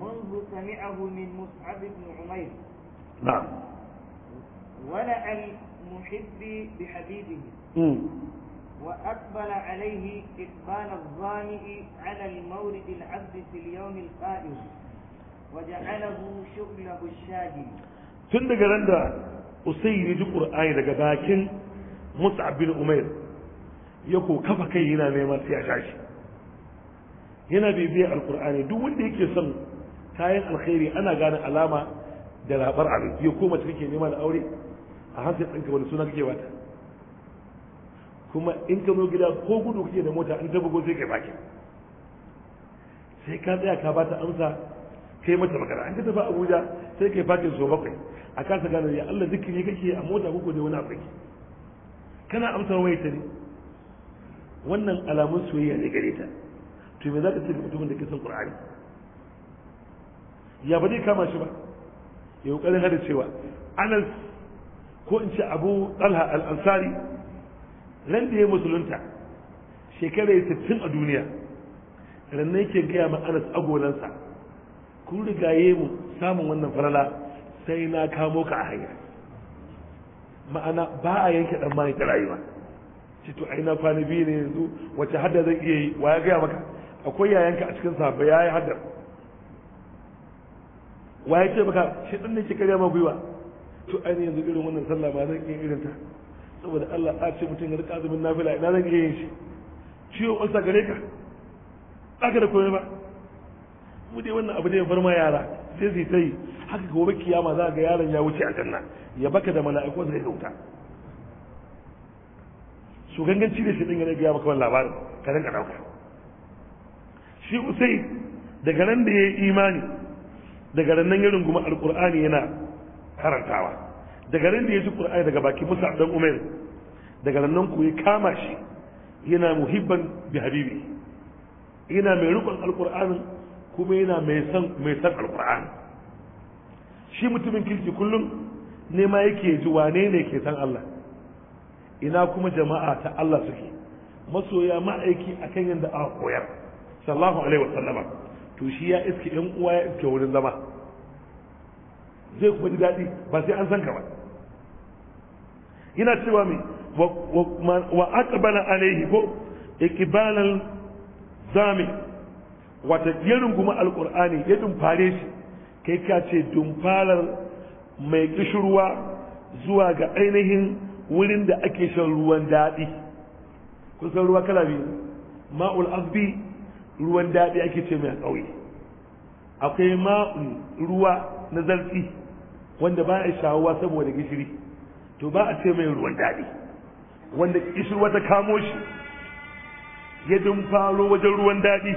منذ سمعه من مصعب بن عمير نعم ولأ المحب بحبيبه وأقبل عليه إقبال الظامئ على المورد العبد في اليوم القادم وجعله شغله الشاغل tun daga ran da usai ya مصعب بن daga ya ko kafa kai yana neman sai ya shashi yana bibiyar alkur'ani duk wanda yake son kayan alkhairi ana gane alama da labar abin ya koma ta kake neman aure a hankali tsanka wani suna kake wata kuma in ka zo gida ko gudu kake da mota an tabbago sai kai baki sai ka tsaya ka bata amsa kai mata magana an ka tafi abuja sai kai fakin so bakwai a kasa gane ya allah zikiri kake a mota ko da wani abu kana amsa waya ta ne wannan alamun soyayya ne gare ta to me za ka tafi mutumin da ke son qur'ani ya ba zai kama shi ba ya kokarin hada cewa anas ko in ce abu talha al-ansari ran da ya musulunta shekara 60 a duniya rannan yake gaya ma anas agolansa kun rigaye mu samun wannan farala sai na kamo ka a hanya ma'ana ba a yanke dan mani ta rayuwa ce to ai na kwana biyu ne yanzu wace hadda zan iya yi wa ya gaya maka akwai yayanka a cikin ya yi hadda wa ya ce maka shi ɗin ne ki karya ma gwiwa to ai yanzu irin wannan sallah ma zan iya irin ta saboda Allah a ce mutum ya rika azumin nafila ina zan iya yin shi ciwon ulsa gare ka aka da komai ba mu dai wannan abu ne ya farma yara sai su yi ta yi haka gobe kiyama za ga yaron ya wuce a kanna ya baka da mala'iku ya dauta su ganganci da shi ɗin ya gaya maka labarin ka rinka ɗauka shi usai daga nan da ya yi imani daga nan ya kuma alƙur'ani yana karantawa daga nan da ya ji ƙur'ani daga baki musa dan umar daga nan ku ya kama shi yana muhibban bi habibi yana mai rukun alƙur'anin kuma yana mai san mai san shi mutumin kirki kullum ne ma yake ji wane ne ke san Allah ina kuma jama'a ta Allah suke masoya ma'aiki a kan yadda aka koyar sallahu alaihi wa sallama, to shi ya iske yan uwa ya iske wurin zama zai kuma ji daɗi ba sai an san ka ba yana cewa mai wa aqbala alaihi ko ikibalan zami wata ya runguma alƙur'ani ya dumfare shi kai ka ce dumfalar mai kishirwa zuwa ga ainihin wurin da ake shan ruwan daɗi kun ruwa kala biyu ma'ul azbi ruwan daɗi ake ce mai ƙauye akwai ma'ul ruwa na zarfi wanda ba a shawuwa saboda gishiri to ba a ce mai ruwan daɗi wanda kishirwa ta kamo shi ya faro wajen ruwan daɗi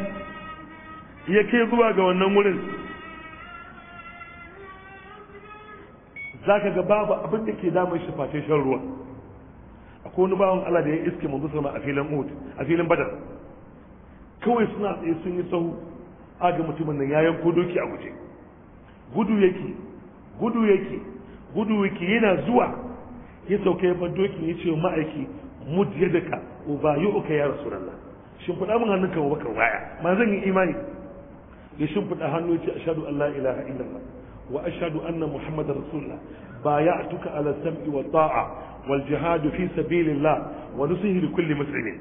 ya ke zuwa ga wannan wurin za ka ga babu abin da ke damar shi face shan ruwa akwai wani bawan Allah da ya iske manzo sama a filin Uhud a filin Badar kawai suna tsaye sun yi sahu ga mutumin nan ya yanko doki a guje gudu yake gudu yake gudu yake yana zuwa ya sauke ba doki ya ce ma'aiki mud yi uka ya rasulullah shin fada mun hannun wa bakar waya ma zan yi imani ya fada hannu ya ce ashhadu an la ilaha illallah wa ashhadu anna muhammadar rasulullah بايعتك على السمع والطاعة والجهاد في سبيل الله ونصيه لكل مسلم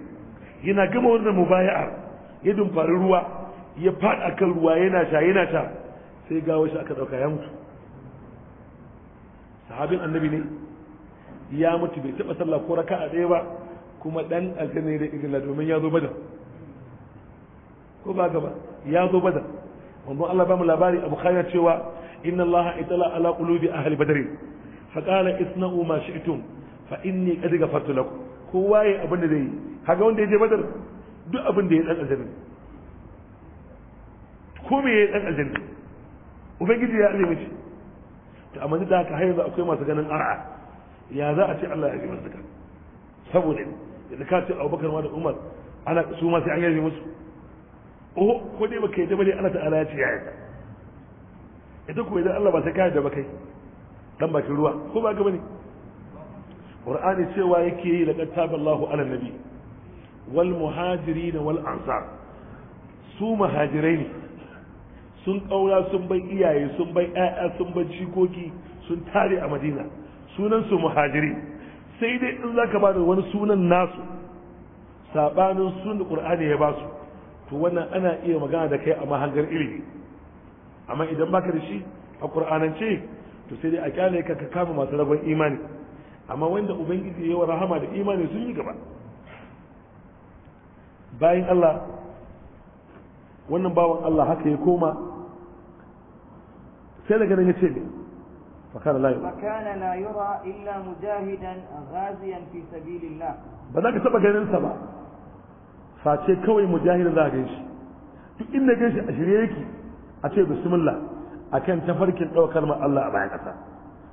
yana gama wannan mubaya'ar ya dumfari ruwa ya faɗa kan ruwa yana sha yana ta sai gawo shi aka ɗauka ya mutu sahabin annabi ne ya mutu bai taɓa sallah ko raka a ɗaya ba kuma ɗan aljanna da izina domin ya zo bada ko ba gaba ya zo bada wanda Allah ba mu labari a khayar cewa Inna Allaha إن الله اطلع على قلوب أهل بدر فقال اصنعوا ما شئتم فإني قد غفرت لكم Ko waye abin da zai yi kaga wanda ya je badar duk abin da ya dan aljanna ko me ya dan aljanna ubangiji ya azumi shi to amma da haka har yanzu akwai masu ganin A'a, ya za a ce Allah ya ji masa zakka saboda da ka ce Abubakar ma da Umar ana su ma sai an yi musu oh ko dai baka yi da Allah ta'ala ya ce ya yarda ita kuwa idan Allah ba sai kayar da ba kai dan bakin ruwa ko ba gaba ne qur'ani cewa yake yi laqad taballahu ala nabi wal muhajirin wal ansar su muhajirai ne sun kaura sun bai iyaye sun bai ƴaƴa sun bai jikoki sun tare a madina sunan su muhajiri sai dai in zaka ba da wani sunan nasu sabanin sunan qur'ani ya ba su to wannan ana iya magana da kai a mahangar ilimi amma idan baka da shi a qur'anance to sai dai a kyale ka ka kama masu rabon imani amma wanda ubangiji ya yi wa rahama da imani sun yi gaba bayan Allah wannan bawan Allah haka ya koma sai daga nan ya ce فكان لا يرى فكان لا يرى إلا مجاهدا غازيا في سبيل الله بذلك سبق ganin sa ba face kawai mujahidin za a gan shi duk inda gan shi a shirye yake a ce bismillah akan tafarkin ɗaukar ma Allah a bayan ƙasa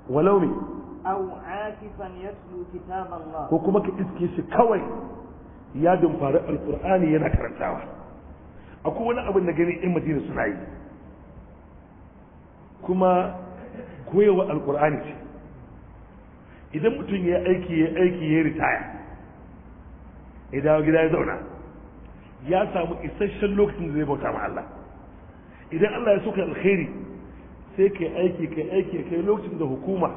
walau me aw akifan yatlu kitab Allah ko kuma ka iske shi kawai ya dumfari alqur'ani yana karantawa akwai wani abin da gani in madina suna yi kuma koyewa alqur'ani ce idan mutum ya aiki ya aiki ya ritaya idan gida ya zauna ya samu isasshen lokacin da zai bauta ma Allah idan Allah ya suka alkhairi sai kai aiki kai aiki kai lokacin da hukuma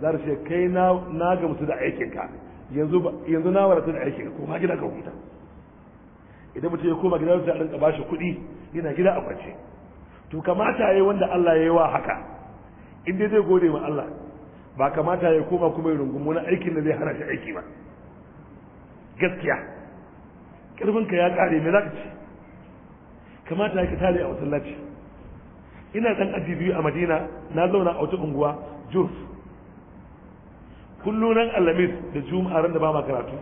za ta ce kai na gamsu da aikin ka yanzu na wadatu da aikin ko ma gida ka huta idan mutum ya koma gida zai rinka bashi kuɗi yana gida a kwance to kamata yi wanda Allah ya yi wa haka in dai zai gode ma Allah ba kamata ya koma kuma ya rungumu na aikin da zai hana shi aiki ba gaskiya karfinka ya kare me za ka ci kamata ya tare a masallaci ina dan aji biyu a madina na zauna a wata unguwa jurs kullunan alamis da juma'a ran da ba ma karatu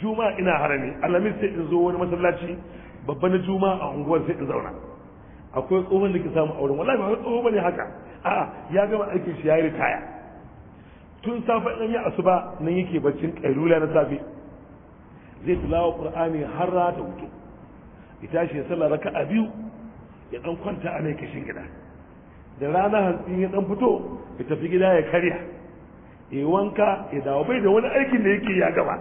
juma'a ina harami alamis sai in zo wani masallaci babban na juma'a a unguwar sai in zauna akwai tsohon da ke samu auren wallahi ba tsohon bane haka a'a ya gama aikin shi ya yi ritaya tun safe in ya asuba nan yake baccin kailula na safe zai tilawa qur'ani har rata hutu ya tashi ya sallah raka a biyu ya dan kwanta a laikashin kishin gida da rana hantsi ya dan fito ya tafi gida ya karya ya wanka ya dawo bai da wani aikin da yake ya gaba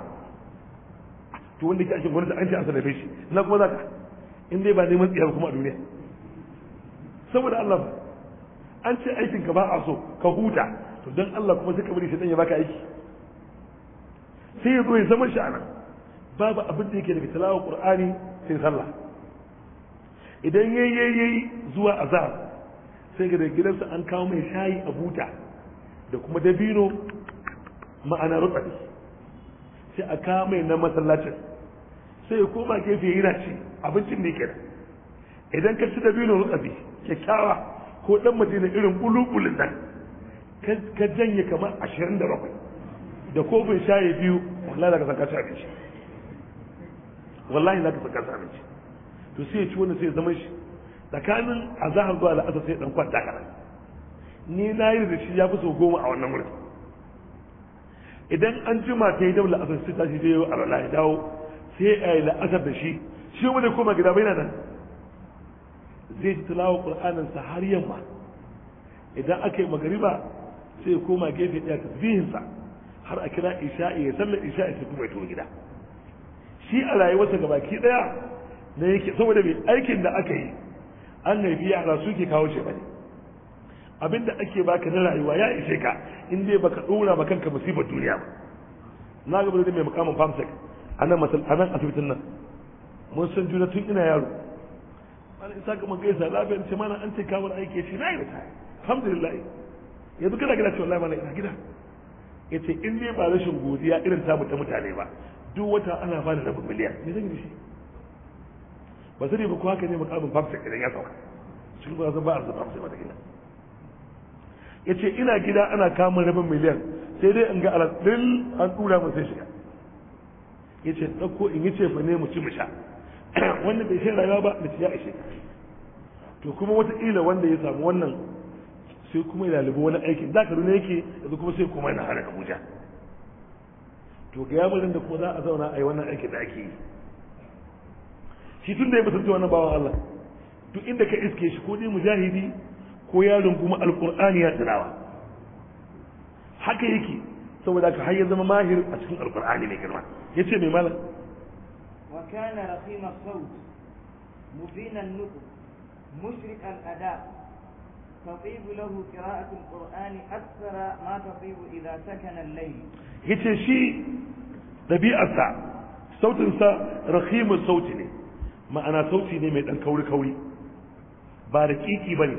to wanda ke ashin gwamnati an ce an da shi na kuma zaka in dai ba neman tsiyar kuma a duniya saboda Allah an ce aikin ka ba a so ka huta to dan Allah kuma sai ka bari shi dan ya baka aiki sai ya zo ya zama shi a nan. babu abin da yake daga tilawa qur'ani sai sallah idan yayi yayi zuwa azab sai ga gidansa an kawo mai shayi a buta da kuma dabino ma'ana rutsari sai a kawo mai na masallacin sai ya koma gefe yana ci abincin ne kira idan ka ci dabino rutsari kyakkyawa ko dan madina irin bulubulin nan ka janye kamar ashirin da bakwai da kofin shayi biyu wallahi ka saka abinci wallahi ka saka abinci to sai ya ci wanda sai ya zama shi tsakanin a azahar zuwa la'asar sai dan kwanta kaɗan ni na yi da shi ya fi so goma a wannan wurin idan an jima ta yi dawo la'asar sai tashi je a rana ya dawo sai a yi la'asar da shi shi wani koma gida bai na nan zai ji tilawa ƙul'aninsa har yamma idan aka yi magariba sai ya koma gefe ɗaya ta zihinsa har a kira isha'i ya sallar isha'i sai kuma ya gida shi a rayuwarsa baki ɗaya da yake saboda mai aikin da aka yi an haifi yara suke kawo ce bane abinda ake baka na rayuwa ya ishe ka in dai baka dora ba kanka musibar duniya ba na ga da mai mukamin famsek a nan asibitin nan mun san juna tun ina yaro ana isa ga mun gaisa lafiyar ce mana an ce kawar aiki shi na yi rita alhamdulillah yanzu kana gida ce wallahi mana ina gida yace in dai ba rashin godiya irin ta mutane ba duk wata ana bani rabin miliyan me zan yi ba sani ba ko haka ne mukamin famsa idan ya sauka shi ba zan ba a zama famsa ba da gida ya ce ina gida ana kamun rabin miliyan sai dai in ga alasdin an ɗura mu sai shiga ya ce ɗauko in yi cefa ne mu ci mu sha (clears throat) wanda bai shi rayuwa ba da ya ishe to kuma ila wanda ya samu wannan sai kuma ya lalibu wani aikin za ka nuna yake yanzu kuma sai kuma yana hana abuja to ga yamarin da kuma za a zauna a yi wannan aikin da ake yi shi tun da ya mutunta wannan bawan Allah duk inda ka iske shi ko dai mujahidi ko yaron kuma alqur'ani ya tilawa haka yake saboda ka har zama mahir a cikin alqur'ani mai girma yace mai malam wa kana raqima sawt mubina nuku nuqu mushrik al lahu تطيب له قراءة ma أكثر ما sakana al-layl yace shi ɗabi'arsa sautinsa rahimu sauti ne ma'ana sauti ne mai ɗan kauri-kauri ba da kiki ba ne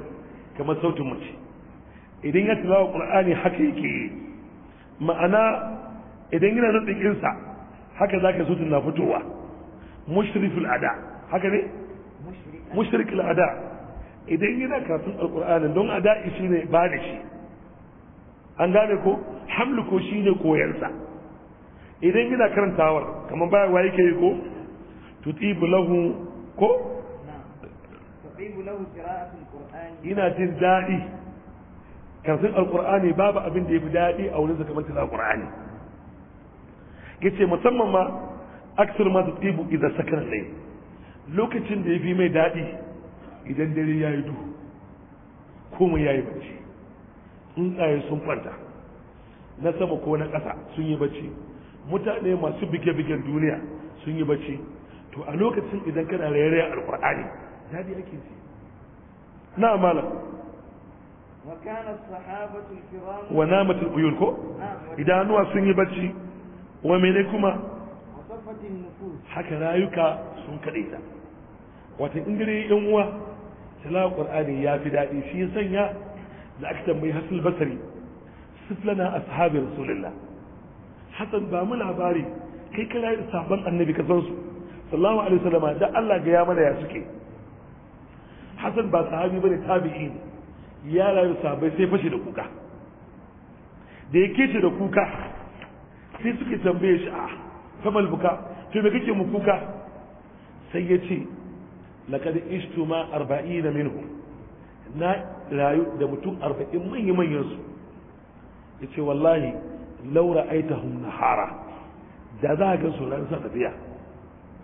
kamar sautin mace idan ya tilawa ƙur'ani haka yake ma'ana idan yana nan tsikinsa haka za ka sautin na fitowa mushriful ada haka ne mushrikul ada idan yana karatun alƙur'anin don ada shi ne ba da shi an gane ko hamlu ko shi ne koyarsa idan yana karantawar kamar bayarwa yake yi ko tutibu lahu ko ina jin dadi karatun alqur'ani babu abin da yafi daɗi a wurin zakamar ta alqur'ani yace musamman ma aksar ma tutibu idan sakana sai lokacin da yafi mai dadi idan dare yayi duhu komai yayi bacci tsuntsaye sun kwanta na sama ko na ƙasa sun yi bacci mutane masu bige-bigen duniya sun yi bacci to a lokacin idan kana rairaya alkur'ani dadi ake ce na amala wa namat al-uyun ko idanuwa sun yi bacci wa mene kuma haka rayuka sun kaɗe ta wata ingiri yan uwa tala qur'ani ya fi daɗi shi sanya da aka tambayi hasil basari siflana ashabi rasulullah hasan ba mu labari kai kai da sabon annabi ka sallallahu alaihi wasallam da Allah ga ya mana ya suke Hassan ba sahabi bane tabi'i ya rayu sahabbai sai fashe da kuka da yake ce da kuka sai suke tambaye shi a ah, kamal buka to me kake mu kuka sai ya ce laqad ishtuma 40 minhum na rayu da mutum arba'in manyan manyan su yace wallahi laura aitahum nahara da za ka ga su ran sa tafiya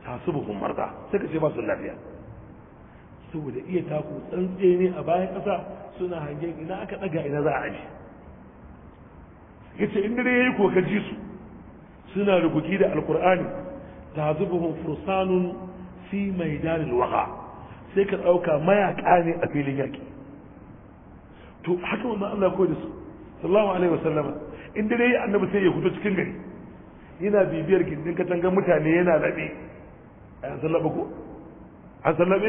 tasubuhum marda suka ce ba su lafiya saboda iya taku tsantse ne a bayan ƙasa suna hange ina aka ɗaga ina za a aji yace in dare yayi ko ka su suna rubuki da alqur'ani tazubuhum fursanun fi maidanil waqa sai ka ɗauka mayaka ne a filin yaki. to haka wannan Allah ko da su sallallahu alaihi wasallama in dare yayi annabi sai ya fito cikin gari yana bibiyar gindin katangar mutane yana labe. an sallaba ko an sallabe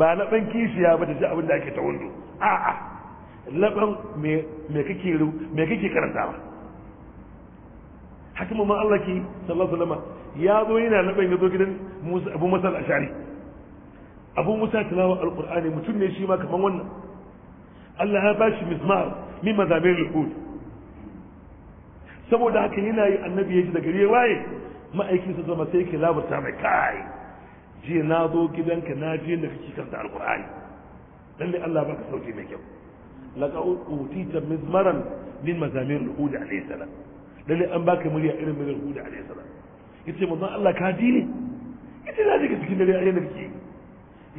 ba laban kishiya ba ta ji abin da ake ta wando a'a laban me kake me kake ba hakimu ma Allah ki sallallahu alaihi wasallam ya zo yana laban ya zo gidan Musa Abu Musa al-Ashari Abu Musa tilawa al-Qur'ani mutum ne shi ma kaman wannan Allah ya bashi mizmar min mazamir al-qud saboda haka yana yi annabi ya ji da gari waye ma'aikin su zama sai ke labarta mai kai je na zo gidanka na je da kake kanta alqur'ani lalle Allah baka sauki mai kyau laka ta mizmaran min mazamir al-hud alayhi salam lalle an baka murya irin muryar hud alayhi salam yace manzon Allah ka ji ne yace na ji cikin dare ayyana kake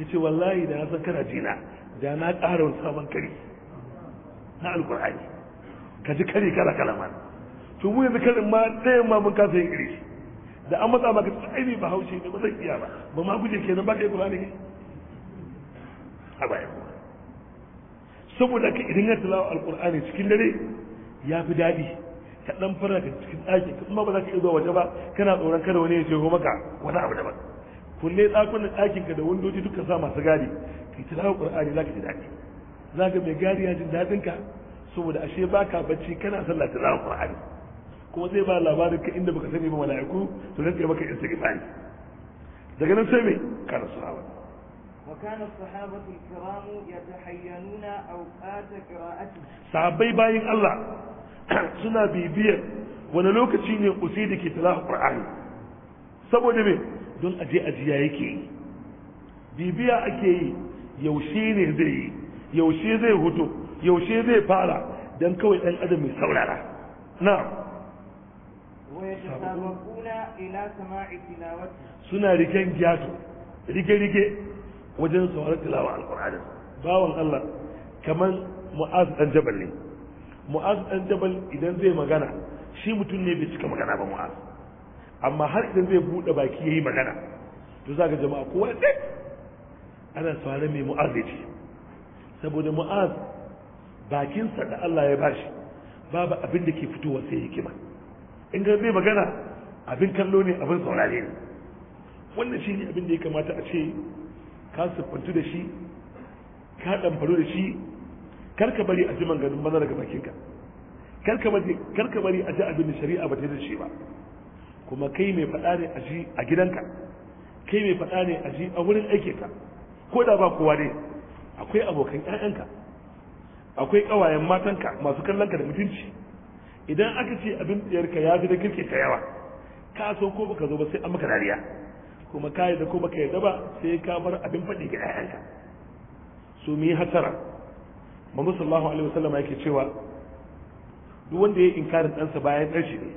yace wallahi da na san kana jina da na ƙara wani sabon kari na alqur'ani ka ji kari kala kala man to mu yanzu karin ma ɗayan ma mun kasa yin iri da an matsa maka ta aini ba haushe ne ba zai iya ba ba ma guje kenan ba kai kurani ne a baya kuma saboda ka idan ya tilawa alkur'ani cikin dare ya fi daɗi ka ɗan fara ka cikin ɗaki kuma ba za ka iya zuwa waje ba kana tsoron kada wani ya ce maka wani abu daban kulle ɗakunan ɗakin ka da windoji dukkan sa masu gadi ka tilawa alkur'ani za ka ji daɗi za ka mai gadi ya jin daɗin ka saboda ashe ba ka bacci kana sallah tilawa alkur'ani kuma zai ba labarin ka inda baka sani ba mala'iku su rinka maka fa'i daga nan sai me kana sahaba وكان الصحابة الكرام يتحينون أوقات قراءته صحابي bayin Allah (clears throat) suna بيبير wani lokaci ne kusi da ke tilahu qur'ani saboda me don aje ajiya yake yi bibiya ake yi yaushe ne zai yi yaushe zai hudu? yaushe zai fara don kawai ɗan adam mai saurara na'am suna riken giyato rike-rike wajen sauran tilawa alƙur'anin bawan Allah kamar mu'az dan jabal ne mu'az dan jabal idan zai magana shi mutum ne bai cika magana ba mu'az amma har idan zai buɗe baki ya yi magana to za ga jama'a kowa ɗin ana sauran mai mu'az ya ce saboda mu'az bakinsa da Allah ya bashi babu abin da ke fitowa sai hikima in ga zai magana abin kallo ne abin saurare ne wannan shi ne abin da ya kamata a ce ka siffantu da shi ka ɗanfaro da shi kar bari a ji manganin maza daga bakinka kar ka bari a ji abin da shari'a ba ta da shi ba kuma kai mai faɗa ne a ji a gidanka kai mai faɗa ne a ji a wurin aikinka ko da ba kowa ne akwai abokan 'ya'yanka akwai ƙawayen matanka masu kallon ka da mutunci idan aka ce abin ɗiyarka ya fi da kirki ka yawa ka so ko baka zo ba sai an maka dariya kuma ka yadda ko baka yadda ba sai ka bar abin faɗi ga ƴaƴanka su mu yi hasara mamu sallallahu alaihi wasallam yake cewa duk wanda ya yi inkarin ɗansa bayan ɗan shi ne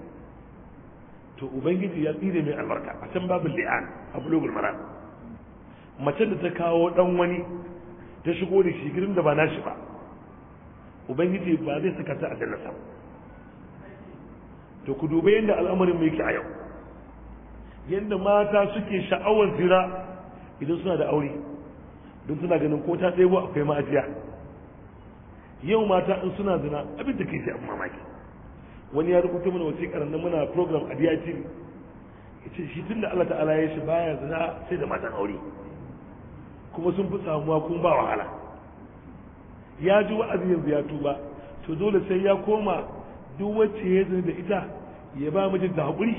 to ubangiji ya tsire mai albarka a can babu li'an a bulogul mara macen da ta kawo ɗan wani ta shigo da shi da ba nashi ba ubangiji ba zai saka ta a jannata ba to ku dubi yadda al'amarin mu yake a yau yadda mata suke sha'awar zira idan suna da aure don suna ganin ko ta ɗebo akwai ma'ajiya yau mata in suna zina abin da kai sai mamaki wani ya rubuta mana wace karanna muna program a D.I.T. ya ce shi tun da Allah ta'ala ya shi baya zina sai da matan aure kuma sun fi samuwa kun ba wahala ya ji wa'azi yanzu ya tuba to dole sai ya koma duk wacce ya zina da ita ya ba mijin da haƙuri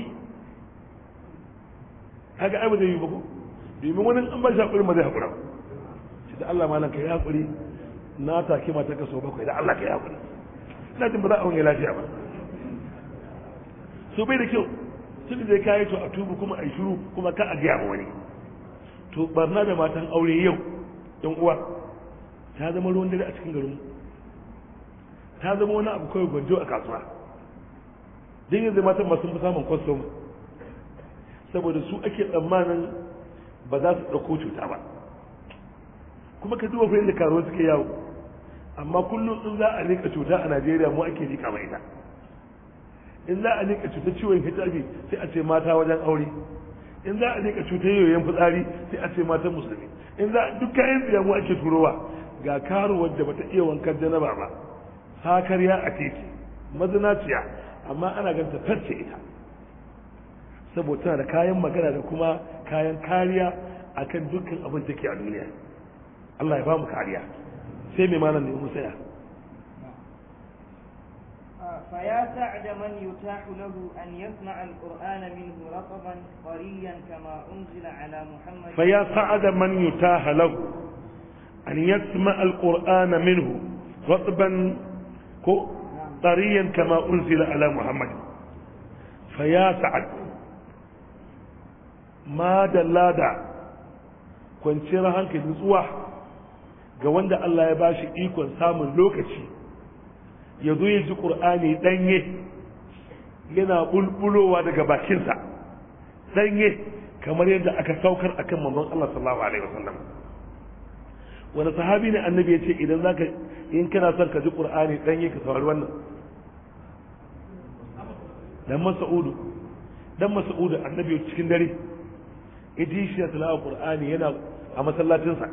haka ai ba yi ba ko domin wani an ba shi haƙuri ma zai haƙura shi da Allah malam kai haƙuri na take mata kaso bakwai da Allah ka haƙuri ina jin ba za a wani lafiya ba so bai da kyau tun da kayi to a tubu kuma a shiru kuma ka a gaya wani to barna da matan aure yau ɗan uwa ta zama ruwan dare a cikin garin ta zama wani abu kawai gwanjo a kasuwa duk yanzu matan masu samun kwastom saboda su ake tsammanin ba za su ɗauko cuta ba kuma ka duba fahimta karuwa suke yawo amma kullum in za a rika cuta a najeriya mu ake rika mai ita in za a rika cuta ciwon hiv sai a ce mata wajen aure in za a rika cuta yoyon fitsari sai a ce matan musulmi in za duk kayan tsiya mu ake turowa ga karuwar da bata iya wankan janaba ba sakarya a titi mazinaciya amma ana ganta farce ita saboda da kayan magana da kuma kayan kariya akan dukkan abin da ke a duniya Allah ya bamu kariya sai mai malam ne mu saya fa ya sa'da man yutahu lahu an yasma' al-qur'ana minhu rataban qariyan kama unzila ala muhammad fa ya sa'da man yutahu lahu an yasma' al-qur'ana minhu rataban ko طريا كما انزل على محمد فيا سعد ما دلادا kwanciyar hankali nutsuwa ga wanda Allah ya bashi ikon samun lokaci ya zo ya ji ƙur'ani ɗanye yana bulbulowa daga bakinsa ɗanye kamar yadda aka saukar akan manzon Allah sallallahu alaihi wasallam wani sahabi ne annabi ya ce idan zaka in kana son ka ji qur'ani danye ka saurari wannan dan mas'udu dan mas'udu annabi cikin dare idin shi ya tilawa qur'ani yana a masallacin sa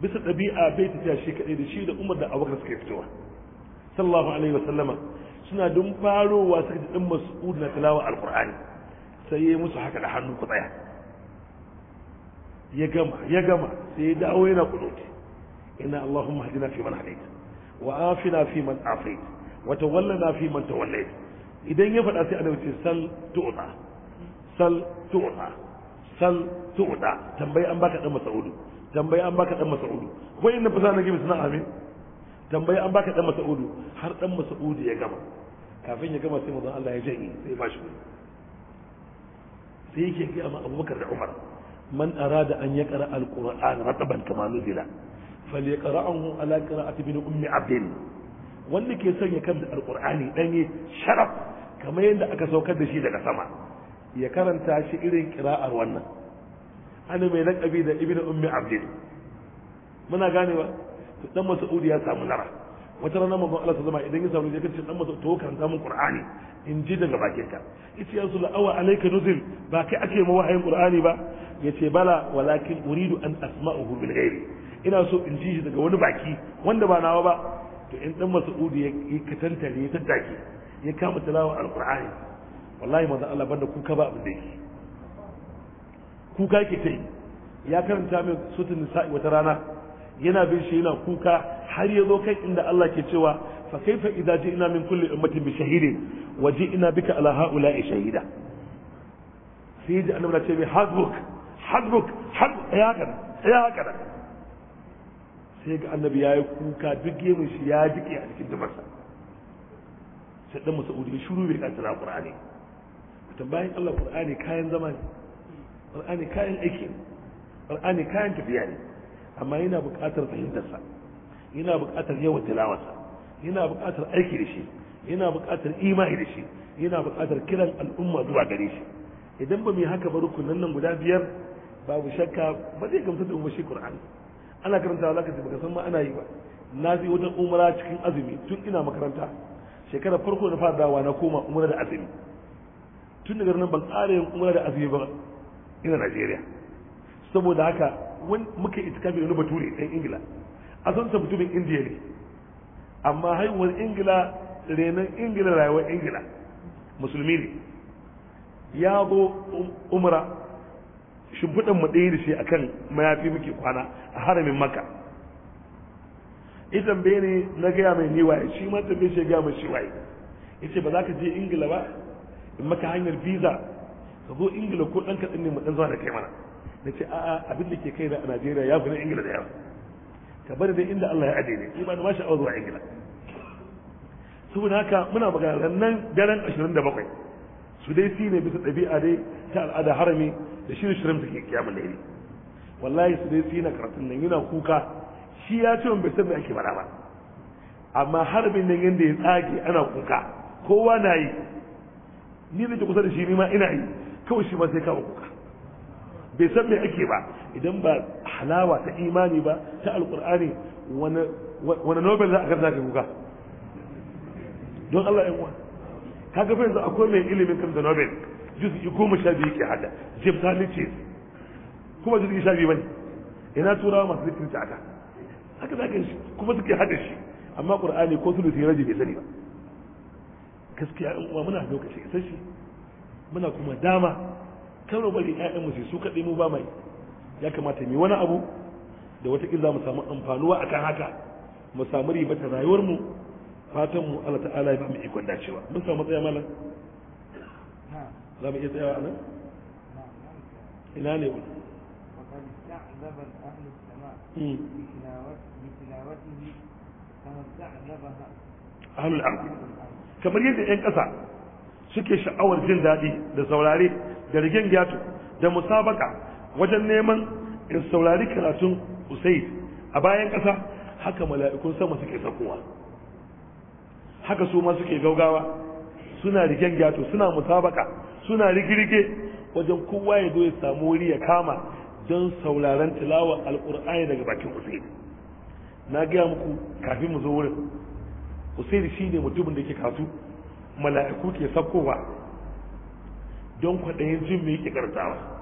bisa ɗabi'a bai tafiya shi kaɗai da shi da umar da abubakar suka fitowa sallallahu alaihi wa sallama suna dun farowa suka ji ɗan mas'ud na tilawa alqur'ani sai ya musu haka da hannu ku tsaya ya gama ya gama sai ya dawo yana kunuti inna allahumma hadina fi man hadait wa afina fi man afait wa tawallana fi man tawallait idan ya faɗa sai annabi ce sal tu'ta sal tu'ta sal tu'ta tambayi an baka dan masaudu tambayi an baka dan masaudu ko inna fa sanan gibi sanan amin tambayi an baka dan masaudu har dan masaudu ya gama kafin ya gama sai manzon Allah ya jani sai ba shi sai yake ga amma Abubakar da Umar man arada an yaqra al-Qur'an rataban kama nuzila falyaqra'ahu ala qira'ati bin ummi abdin wanda ke son ya kanta alqur'ani danye sharaf kamar yadda aka saukar da shi daga sama ya karanta shi irin kira'ar wannan ana mai lakabi da ibina ummi abdul muna ganewa to dan mas'ud ya samu nara wata ranar manzon Allah zama idan ya samu zai ce dan mas'ud to karanta mun qur'ani in ji daga bakin ka yace ya sula awa alayka nuzul ba kai ake ma wahayin qur'ani ba yace bala walakin uridu an asma'uhu bil ghairi ina so in ji shi daga wani baki wanda ba nawa ba to in dan mas'udi ya katantare ya tattake ya kama tilawa alƙur'ani wallahi manzon Allah banda kuka ba abin da yake kuka yake tai ya karanta min sutun nisa'i wata rana yana bin shi yana kuka har ya zo kai inda Allah ke cewa fa kaifa idza ji'na min kulli ummatin bi shahidin wa ji'na bika ala ha'ula'i shahida sai ji annabi ce bi hadbuk hadbuk had ya haka ya haka sai ga annabi yayi kuka duk gemin shi ya jike a cikin dubarsa sai dan Mas'ud ya shiru bai karanta Qur'ani bayan Allah Qur'ani kayan zama ne Qur'ani kayan aiki Qur'ani kayan tafiya ne amma yana buƙatar fahimtarsa yana buƙatar yawan tilawarsa yana buƙatar aiki da shi yana buƙatar imani da shi yana buƙatar kiran al'umma zuwa gare shi idan ba mu yi haka ba rukunan nan guda biyar babu shakka ba zai gamsu da umar shi Qur'ani ana karanta ba ka baka san ma ana yi ba na je wajen umara cikin azumi tun ina makaranta shekara farko da fara dawa na koma umara da azumi tun daga nan ban ƙara yin umra da azumi ba ina Najeriya saboda haka muka itikafi da wani bature ɗan Ingila a ta mutumin Indiya ne amma haihuwar Ingila renon Ingila rayuwar Ingila musulmi ne ya zo um-, umra shimfiɗan mu ɗaya da shi akan mayafi muke kwana a haramin maka ita tambaye ne na gaya mai ni waye shi ma tambaye shi gaya mai shi waye ya ce ba za ka je ingila ba in maka hanyar visa ka zo ingila ko ɗan katsin ne mu zuwa da kai mana ce a'a abin da ke kai da a Najeriya ya fi na ingila da yawa ka bari dai inda Allah ya aje ne ni ma na mashi zuwa ingila saboda haka muna magana nan daren bakwai su dai si ne bisa ɗabi'a dai ta al'ada harami da shirin shirin suke kiyamun laili wallahi su dai si na karatun nan yana kuka shi ya ce bai san me ake faɗa ba amma harbin nan yanda ya tsage ana kuka kowa na yi ni da kusa da shi ni ma ina yi kawai shi ma sai kawo kuka bai san me ake ba idan ba halawa ta imani ba ta alkur'ani wani nobel za a karanta ka kuka don Allah ɗan uwa ka ga yanzu akwai mai ilimin kan da nobel juz'i goma sha biyu ke hada jim talin ce kuma juz'i sha biyu bane ina turawa masu zikirin ta aka haka zaka shi kuma suke hada shi amma qur'ani ko sulusi raji bai sani ba gaskiya in uwa muna lokaci ya shi muna kuma dama karo bari ƴaƴan mu sai su kaɗai mu ba mai ya kamata mu wani abu da wata za mu samu amfanuwa akan haka mu samu riba ta rayuwar mu fatan mu Allah ta'ala ya ba mu ikon dacewa mun samu tsaya malam za mu iya tsayawa nan ina ne wani وقد استعذب أهل السماء في وزيارته kamar yadda 'yan ƙasa suke sha'awar jin daɗi da saurare da rigin gyato da musabaka wajen neman in saurari karatun usai a bayan ƙasa haka mala'ikun sama suke sakowa haka su ma suke gaugawa suna rigen gyato suna musabaka suna rigirge wajen kowa ya zo ya samu wuri ya kama don sauraren tilawar alƙur'ani daga bakin usai na gaya muku kafin mu zo wurin usaini shi ne mutumin da ke kasu mala'iku ke sakkowa don kwaɗayin jin mai yake ƙarfawa